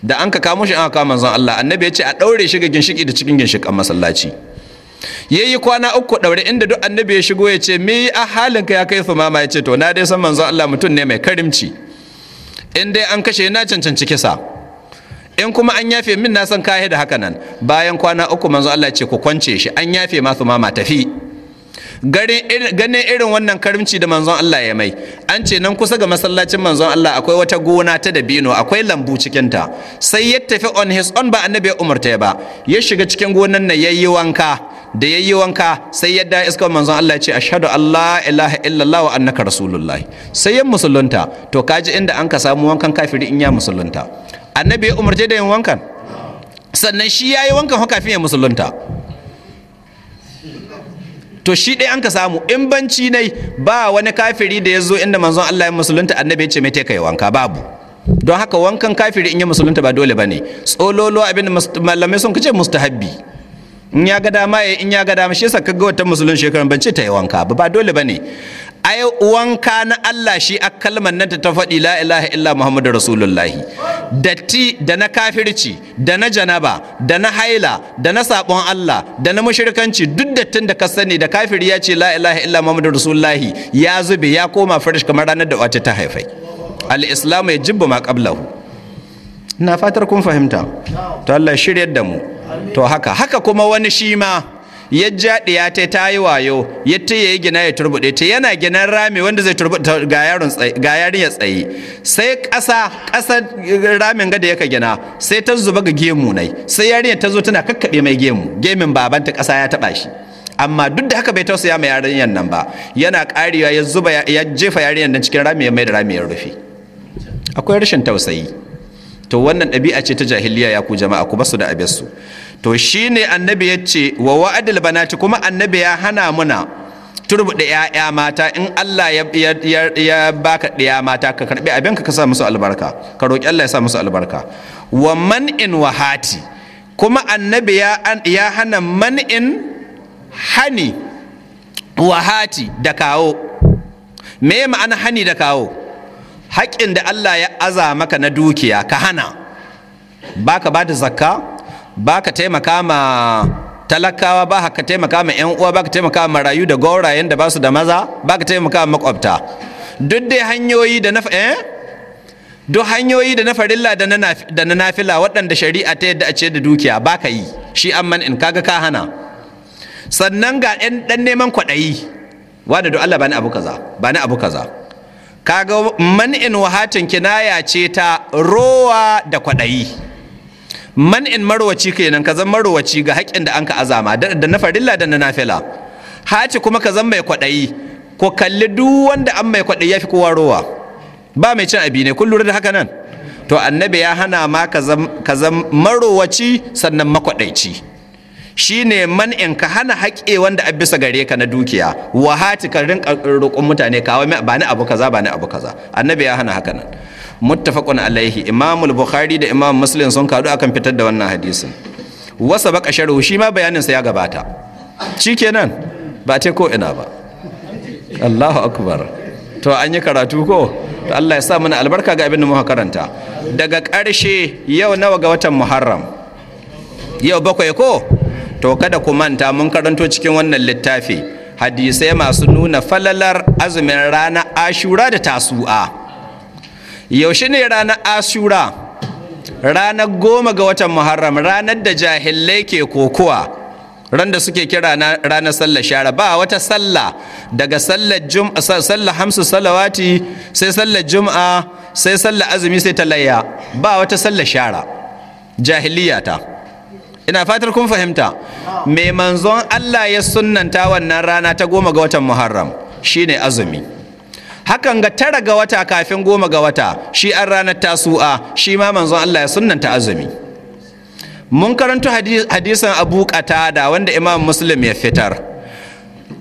da an ka kamo shi an haka manzon Allah annabi ya ce a daure shi ga ginshiki da cikin ginshikan masallaci yayi kwana uku daure inda duk annabi ya shigo ya ce mi a ka ya kai mama ya ce to na dai san manzo Allah mutum ne mai karimci in dai an kashe na cancanci kisa in kuma an yafe min na san kahe da haka nan bayan kwana uku manzo Allah ce ku kwance shi an yafe ma mama tafi ganin irin wannan karimci da manzon Allah ya mai an ce nan kusa ga masallacin manzon Allah akwai wata gona ta dabino akwai lambu cikinta sai ya tafi on his own ba annabi ya umarta ba ya shiga cikin gonan nan yayi wanka da yayi wanka sai yadda iskar manzon Allah ya ce ashhadu Allah ilaha illallah wa annaka rasulullahi sai yan musulunta to kaji inda an ka samu wankan kafiri in ya musulunta annabi ya umarce da yin wankan sannan shi yayi wankan kafin ya musulunta to shi ɗaya an ka samu in banci ne ba wani kafiri da ya zo inda manzon Allah ya musulunta annabi ya ce mai kai wanka babu don haka wankan kafiri in ya musulunta ba dole ba ne tsololo abin malamai sun kace mustahabbi in ya ga dama ya eh, in ya ga dama shi saka ga wata musulun shekaran ban ta yi wanka ba ba dole ba ai wanka na Allah shi a kalmar nan ta faɗi la ilaha illa muhammadu da datti da na kafirci da na janaba da na haila da na saɓon Allah da na mushrikanci duk da tun da ka sani da kafiri ya ce la ilaha illa muhammadu rasulullah ya zube ya koma farish kamar ranar da wata ta haifai al-islamu ya jibba ma qablahu na fatar kun fahimta to Allah shiryar da mu to haka haka kuma wani shi ma ya jaɗiya ta ta yi wayo ya ta yi gina ya turbuɗe ta yana ginan rami wanda zai turbuɗe ga yarin ya tsaye sai ƙasa ramin gada yaka gina sai ta zuba ga gemu nai sai yarin ta zo tana kakkaɓe mai gemu gemin babanta ƙasa ya taɓa shi amma duk da haka bai tausaya ma yarinyar nan ba yana karewa ya zuba ya jefa yarinyar nan cikin rami ya mai da rami ya rufe akwai rashin tausayi to wannan ɗabi'a ce ta jahiliya ya ku jama'a ku basu da abinsu to shine annabi ya ce wa wa'adil banati kuma annabi ya hana muna turbuɗe 'ya'ya mata in Allah ya baka ɗaya mata ka karɓi abin ka sa musu albarka ka roƙi Allah ya sa musu albarka wa man in wahati kuma annabi ya hana man in hani wahati da kawo me ma'ana hani da kawo haƙƙin da Allah ya aza maka na dukiya ka hana baka ba da zakka ba ka taimaka ma talakawa ba ka taimaka ma yan uwa ba ka taimaka ma marayu da gaurayen da ba su da maza ba ka taimaka ma makwabta duk dai hanyoyi da na eh duk hanyoyi da na farilla da na nafila waɗanda shari'a ta yadda a ce da dukiya ba ka yi shi amman in kaga ka hana sannan ga ɗan neman kwaɗayi wanda da Allah bani abu kaza bani abu kaza kaga man'in wahatin kinaya ce ta rowa da kwaɗayi man in marwaci kenan ka zan marwaci ga haƙƙin da an ka azama da na farilla da na nafila haci kuma ka zan mai kwaɗayi ko kalli duk wanda an mai kwaɗayi ya fi kowa rowa ba mai cin abi ne kun lura da haka nan to annabi ya hana ma ka zan marowaci sannan makwaɗaici ne man in ka hana haƙƙe wanda a bisa gare ka na dukiya wa hati ka rinƙa roƙon mutane kawo ba ni abu kaza ba ni abu kaza annabi ya hana haka nan muttafaqun alaihi Imam al bukhari da imam muslim sun kadu akan fitar da wannan hadisin wasa baka sharhu shi ma bayanin sa ya gabata shikenan ba ta ko ina ba Allahu akbar to an yi karatu ko to Allah ya sa mana albarka ga abin da muka karanta daga ƙarshe yau nawa ga watan Muharram yau bakwai ko to kada ku manta mun karanto cikin wannan littafi hadisai masu nuna falalar azumin rana ashura da tasu'a yaushe ne ranar asura? ranar goma ga watan muharram ranar da jahillai ke kokowa ran da suke kira ranar sallar shara ba wata sallah daga sallar jum'a sallar hamsu salawati sai sallar jum'a sai sallar azumi sai talayya ba wata sallar shara jahiliya ta ina fatar kun fahimta mai manzon Allah ya sunanta wannan rana ta goma ga watan muharram shine azumi hakan ga tara ga wata kafin goma ga wata shi an ranar tasu'a shi ma manzon Allah ya sunnanta azumi mun karanta hadisan abu qatada wanda imam muslim ya fitar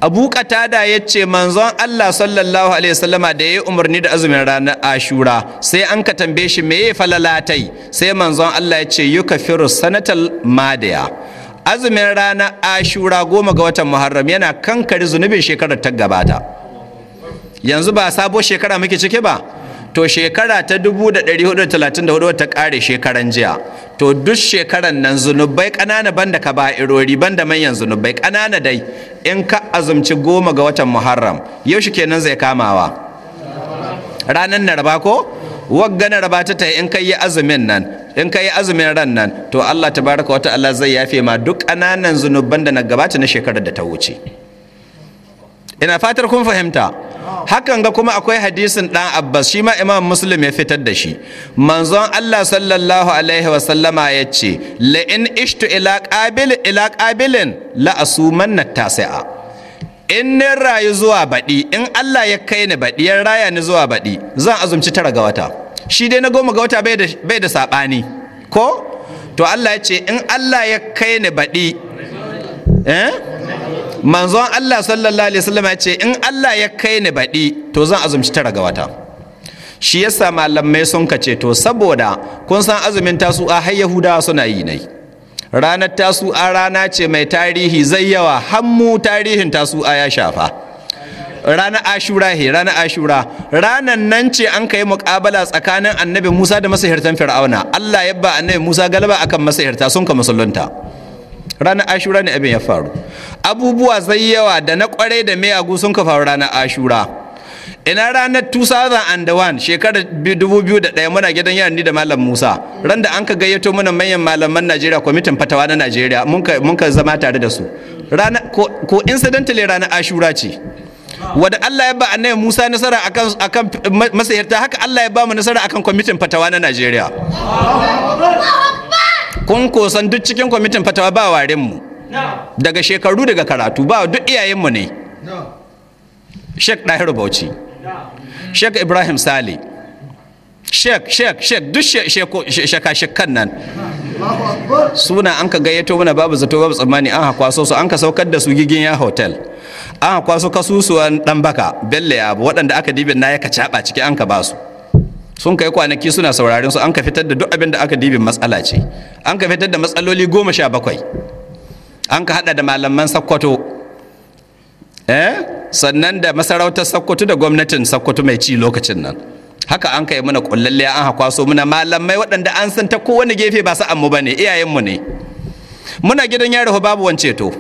abu qatada ya ce manzon Allah sallallahu alaihi wasallama da ya umarni da azumin ranar ashura sai an ka tambaye shi ya falalatai sai manzon Allah ya ce yukafiru sanatal madiya azumin ranar ashura goma ga watan muharram yana kankari zunubin shekarar ta gabata yanzu ba sabo shekara muke ciki ba to shekara ta 1434 ta kare shekaran jiya to duk shekaran nan zunubai kanana banda ka ba'irori banda manyan zunubai kanana dai in ka azumci goma ga watan muharram yau shi kenan zai kamawa ranar naraba ko wagga naraba ta ta in ka azumin nan in ka azumin ran nan to allah tabaraka wata allah zai yafe ma duk kananan zunuban da na gabata na shekarar da ta wuce ina fatar kun fahimta hakan ga kuma akwai hadisin dan abbas shi ma imam muslim ya fitar da shi manzon allah sallallahu alaihi wasallama ya ce la'in ishtu ila qabilin ila qabilin la na tasi'a in ni rayu zuwa baɗi in allah ya kai ni baɗi ya raya ni zuwa baɗi zan azumci tara ga wata shi dai na goma ga wata bai da saɓani ko to allah ya ce in allah ya kai ni baɗi eh manzon Allah sallallahu alaihi wasallam ya ce in Allah ya kai ni baɗi to zan azumci tara ga wata shi yasa malamai sun kace to saboda kun san azumin tasu'a har yahudawa suna yi ne ranar tasu'a rana ce mai tarihi zai yawa hammu tarihin tasu'a ya shafa ranar ashura he ranar ashura ranar nan ce an kai muƙabala tsakanin annabi musa da masahirtan fir'auna allah ya ba annabi musa galaba akan masahirta sun ka musulunta ranar ashura ne abin ya faru abubuwa sai yawa da na kwarai da agu sun kafa ranar ashura ina ranar 2001 shekarar 2001 muna gidan yarani ni da malam musa ran da an ka gayyato mana manyan malaman najeriya kwamitin fatawa na najeriya mun ka zama tare da su ko incidentally ranar ashura ce wadda Allah ya ba annabi Musa nasara akan akan masayarta haka Allah ya ba mu nasara akan kwamitin fatawa na Najeriya kun kosan duk cikin kwamitin fatawa ba waren mu daga shekaru daga karatu ba duk iyayenmu ne Shek ɗahiru bauchi shek ibrahim sale shek-shek-shek duk shekashekan nan suna an ka gayyato mana babu zato babu tsammani an hakwaso su an ka saukar da su gigin ya hotel an hakwaso kasusuwan dan baka belle ya waɗanda aka dibin na ya ka caɓa ciki an ka ba su sun kai kwanaki suna sauraren su an ka fitar da duk abin da aka dibin matsala ce an ka fitar da matsaloli goma sha bakwai an ka hada da malaman sakkwato eh sannan da masarautar sakkwato da gwamnatin sakkwato mai ci lokacin nan haka an kai mana kullalle an so muna malamai waɗanda an san ta kowane gefe ba sa'an mu bane iyayenmu ne muna gidan yaro babu wance to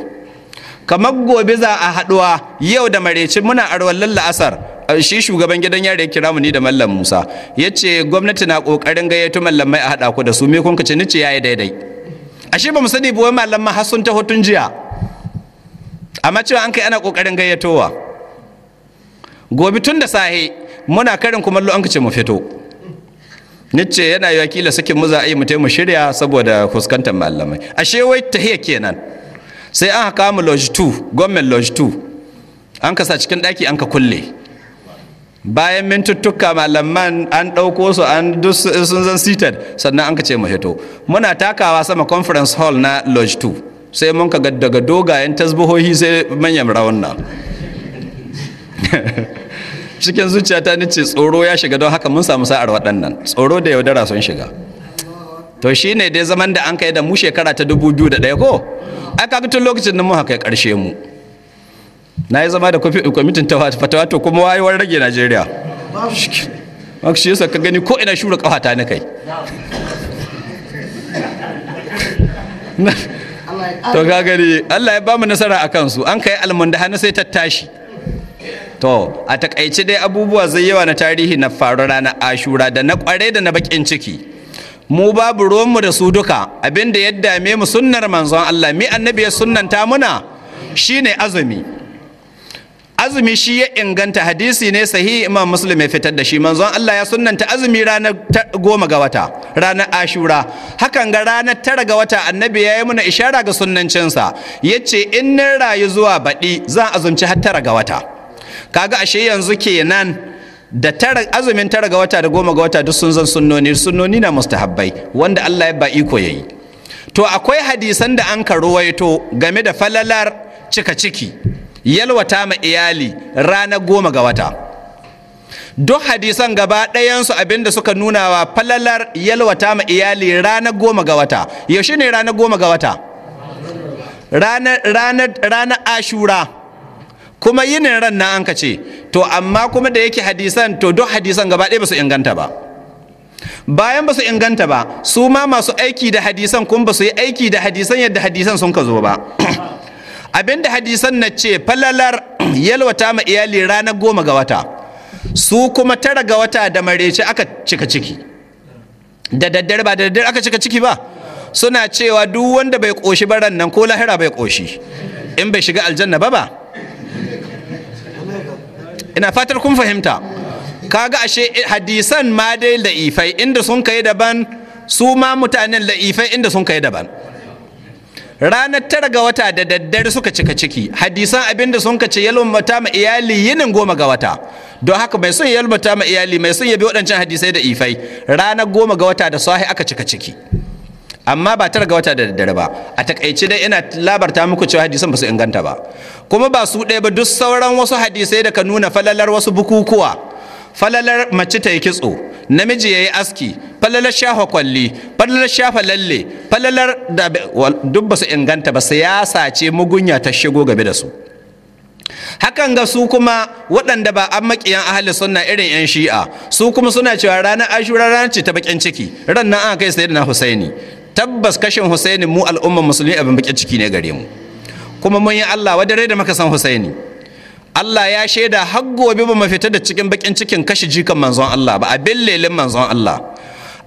kamar gobe za a haɗuwa yau da marece muna arwallin la'asar eh, shi shugaban gidan yare ya kira mu ni da mallam musa yace gwamnati na ƙoƙarin gayyato mallamai a haɗa ku da su me kun ce ni ce yayi daidai ashe ba mu sani ba wai malaman har sun taho tun jiya amma cewa an kai ana kokarin gayyatowa gobe tun da sahi muna karin kumallo an kace mu fito nice yana yi wakila sakin mu za a yi mu mu shirya saboda fuskantar malamai ashe wai tahiya kenan sai an haka mu lodge 2 gwamnan lodge 2 an kasa cikin daki an ka kulle bayan mintuttuka malaman an ɗauko su an sun zan seated sannan an ka ce mu hito muna takawa sama conference hall na lodge 2 sai mun ka daga dogayen tasbihohi sai manyan rawan nan cikin zuciya ta ce tsoro ya shiga don haka mun samu sa'ar waɗannan tsoro da yaudara sun shiga to shi ne dai zaman da an kai da mu shekara ta biyu da 2001 ko ai kaga tun lokacin nan mu haka ya ƙarshe mu na yi zama da kwamitin fatawa to kuma wayewar rage najeriya shi yasa ka gani ko ina shura kafata na kai to ka gani allah ya bamu nasara a kansu an kai hannu sai tattashi to a takaice dai abubuwa zai yawa na tarihi na faru rana ashura da na kware da na bakin ciki mu babu romu da su duka abinda ya dame mu sunnar manzon allah mi annabi ya sunnanta muna shine azumi azumi shi ya inganta hadisi ne sahihi imam muslim ya fitar da shi manzon Allah ya sunnanta azumi ranar goma ga wata ranar ashura hakan ga ranar tara ga wata annabi ya yi muna ishara ga sunnancinsa ya ce in na rayu zuwa baɗi zan azumci har tara ga wata kaga ashe yanzu kenan da tara azumin tara ga wata da goma ga wata duk sun zan sunnoni sunnoni na mustahabbai wanda Allah ya ba iko yayi to akwai hadisan da an ka ruwaito game da falalar cika ciki yalwata ma iyali rana goma ga wata duk hadisan gaba ɗayansu abinda suka nuna wa falalar yalwata ma iyali ranar goma ga wata yaushe ne ranar goma ga wata ranar ashura kuma ne ran na an ka ce to amma kuma da yake hadisan to duk hadisan gaba ɗaya ba su inganta ba bayan ba su inganta ba su ma masu aiki da hadisan kuma ba su yi aiki da hadisan yadda hadisan sun ka zo ba Abin da hadisan na ce falalar yalwata ma iyali ranar goma ga wata su kuma tara ga wata da mareci aka cika ciki da daddare ba da daddare aka cika ciki ba suna cewa duk wanda bai koshi baran nan ko lahira bai koshi in bai shiga aljanna ba ba ina fatar kun fahimta kaga ashe hadisan ma dai la'ifai inda sun kai daban su ma mutanen la'ifai inda sun kai daban ranar tara ga wata da daddare suka cika ciki hadisan abinda sun kace mata ma iyali yinin goma ga wata don haka mai son mata ma iyali mai son yabi waɗancan hadisai da ifai ranar goma ga wata da sahi aka cika ciki amma ba tara ga wata da daddare ba a takaice dai ina labarta muku cewa hadisan ba su inganta ba kuma ba su ɗaya ba duk sauran wasu hadisai da ka nuna falalar wasu bukukuwa falalar mace ta yi kitso namiji ya yi aski falalar shafa kwalli falalar shafa lalle falalar da duk ba su inganta ba siyasa ce mugunya ta shigo gabe da su hakan ga su kuma waɗanda ba an maƙiyan ahali sunna irin 'yan shi'a su kuma suna cewa ranar ashura ranar ce ta bakin ciki ran nan an kai na husaini tabbas kashin husaini mu al'umma musulmi abin bakin ciki ne gare mu kuma mun yi allah wadare da maka san husaini Allah ya shaida har gobe ba mu fita da cikin bakin cikin kashi jikan manzon Allah ba abin lelin manzon Allah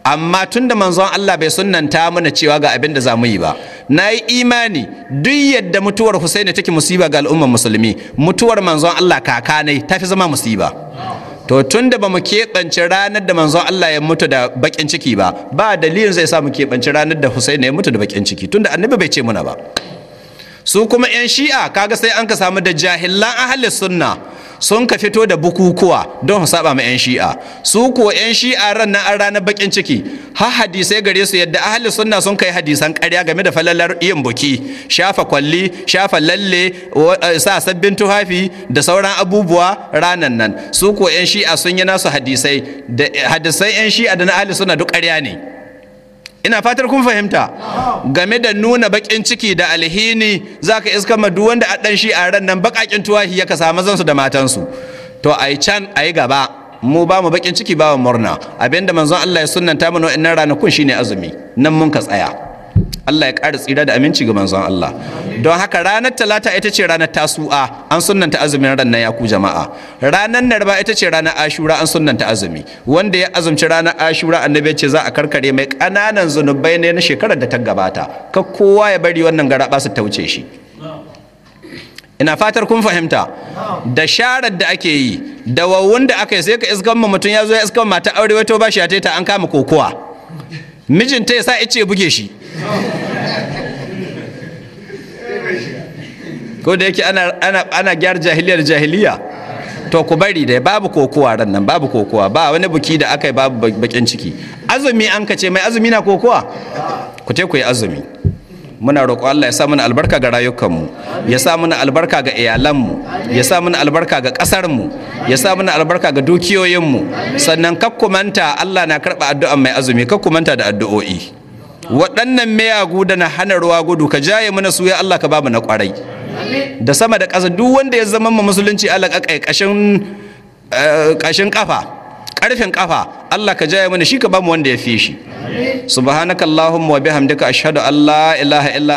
amma tunda manzon Allah bai sunnanta mana cewa ga abin da za mu yi ba na yi imani duk yadda mutuwar Husaini take musiba ga al'ummar musulmi mutuwar manzon Allah kaka ne ta fi zama musiba to tun da ba mu keɓance ranar da manzon Allah ya mutu da bakin ciki ba ba dalilin zai sa mu keɓance ranar da Husaini ya mutu da bakin ciki tun da annabi bai ce muna ba su kuma 'yan shi'a kaga sai an ka samu da jahilan ahalin sunna sun ka fito da bukukuwa don saba ma 'yan shi'a su kuwa 'yan shi'a ran na ranar bakin ciki har hadisai gare su yadda ahalin sunna sun kai hadisan karya game da falalar yin buki shafa kwalli shafa lalle eh, sa sabbin tuhafi da sauran abubuwa ranan nan su kuwa 'yan shi'a sun yi nasu hadisai da eh, hadisai 'yan shi'a da na ahalin sunna duk karya ne ina fatar kun fahimta game da nuna bakin ciki da alhini za ka iska madu duk wanda ɗan shi a ran nan bakakin tuwahi ya kasa mazan su da matansu, to a yi can a yi gaba mu ba mu bakin ciki ba mu murna abinda manzon Allah ya sunnanta mana wa'annan ranakun shine azumi nan mun ka tsaya Allah ya ƙara tsira da aminci ga manzon Allah don haka ranar talata ita ce ranar tasu'a an sunnanta azumin rannan ya jama'a ranar narba ita ce ranar ashura an sunnanta azumi wanda ya azumci ranar ashura annabi ce za a karkare mai ƙananan zunubai ne na shekarar da ta gabata ka kowa ya bari wannan garaba su tauce shi ina fatar kun fahimta da sharar da ake yi da wawun da aka yi sai ka iskan mutum ya zo ya iskan mata aure wato ba shi ya ta an kama kokowa mijinta ya sa ice buge shi ko da yake ana gyar jahiliyar jahiliya to ku bari dai babu kokowa ran nan babu kokowa ba wani buki da aka yi babu bakin ciki azumi an ka ce mai azumi na kokowa ku ce ku yi azumi muna roƙo Allah ya sa mana albarka ga rayukanmu ya sa mana albarka ga iyalanmu ya sa mana albarka ga ƙasarmu ya sa mana albarka ga dukiyoyinmu sannan kakkumanta Allah na karɓa addu'an mai azumi kakkumanta da addu'o'i waɗannan mayagu da na hana ruwa gudu ka jaye mana su ya Allah ka bamu na kwarai da sama da ƙasa duk wanda ya zama mu musulunci Allah ƙashin kafa eh, ƙarfin ƙafa Allah ka jaye mana shi ka bamu wanda ya fi shi subhanakallahumma wa bihamdika ashhadu an la ilaha illa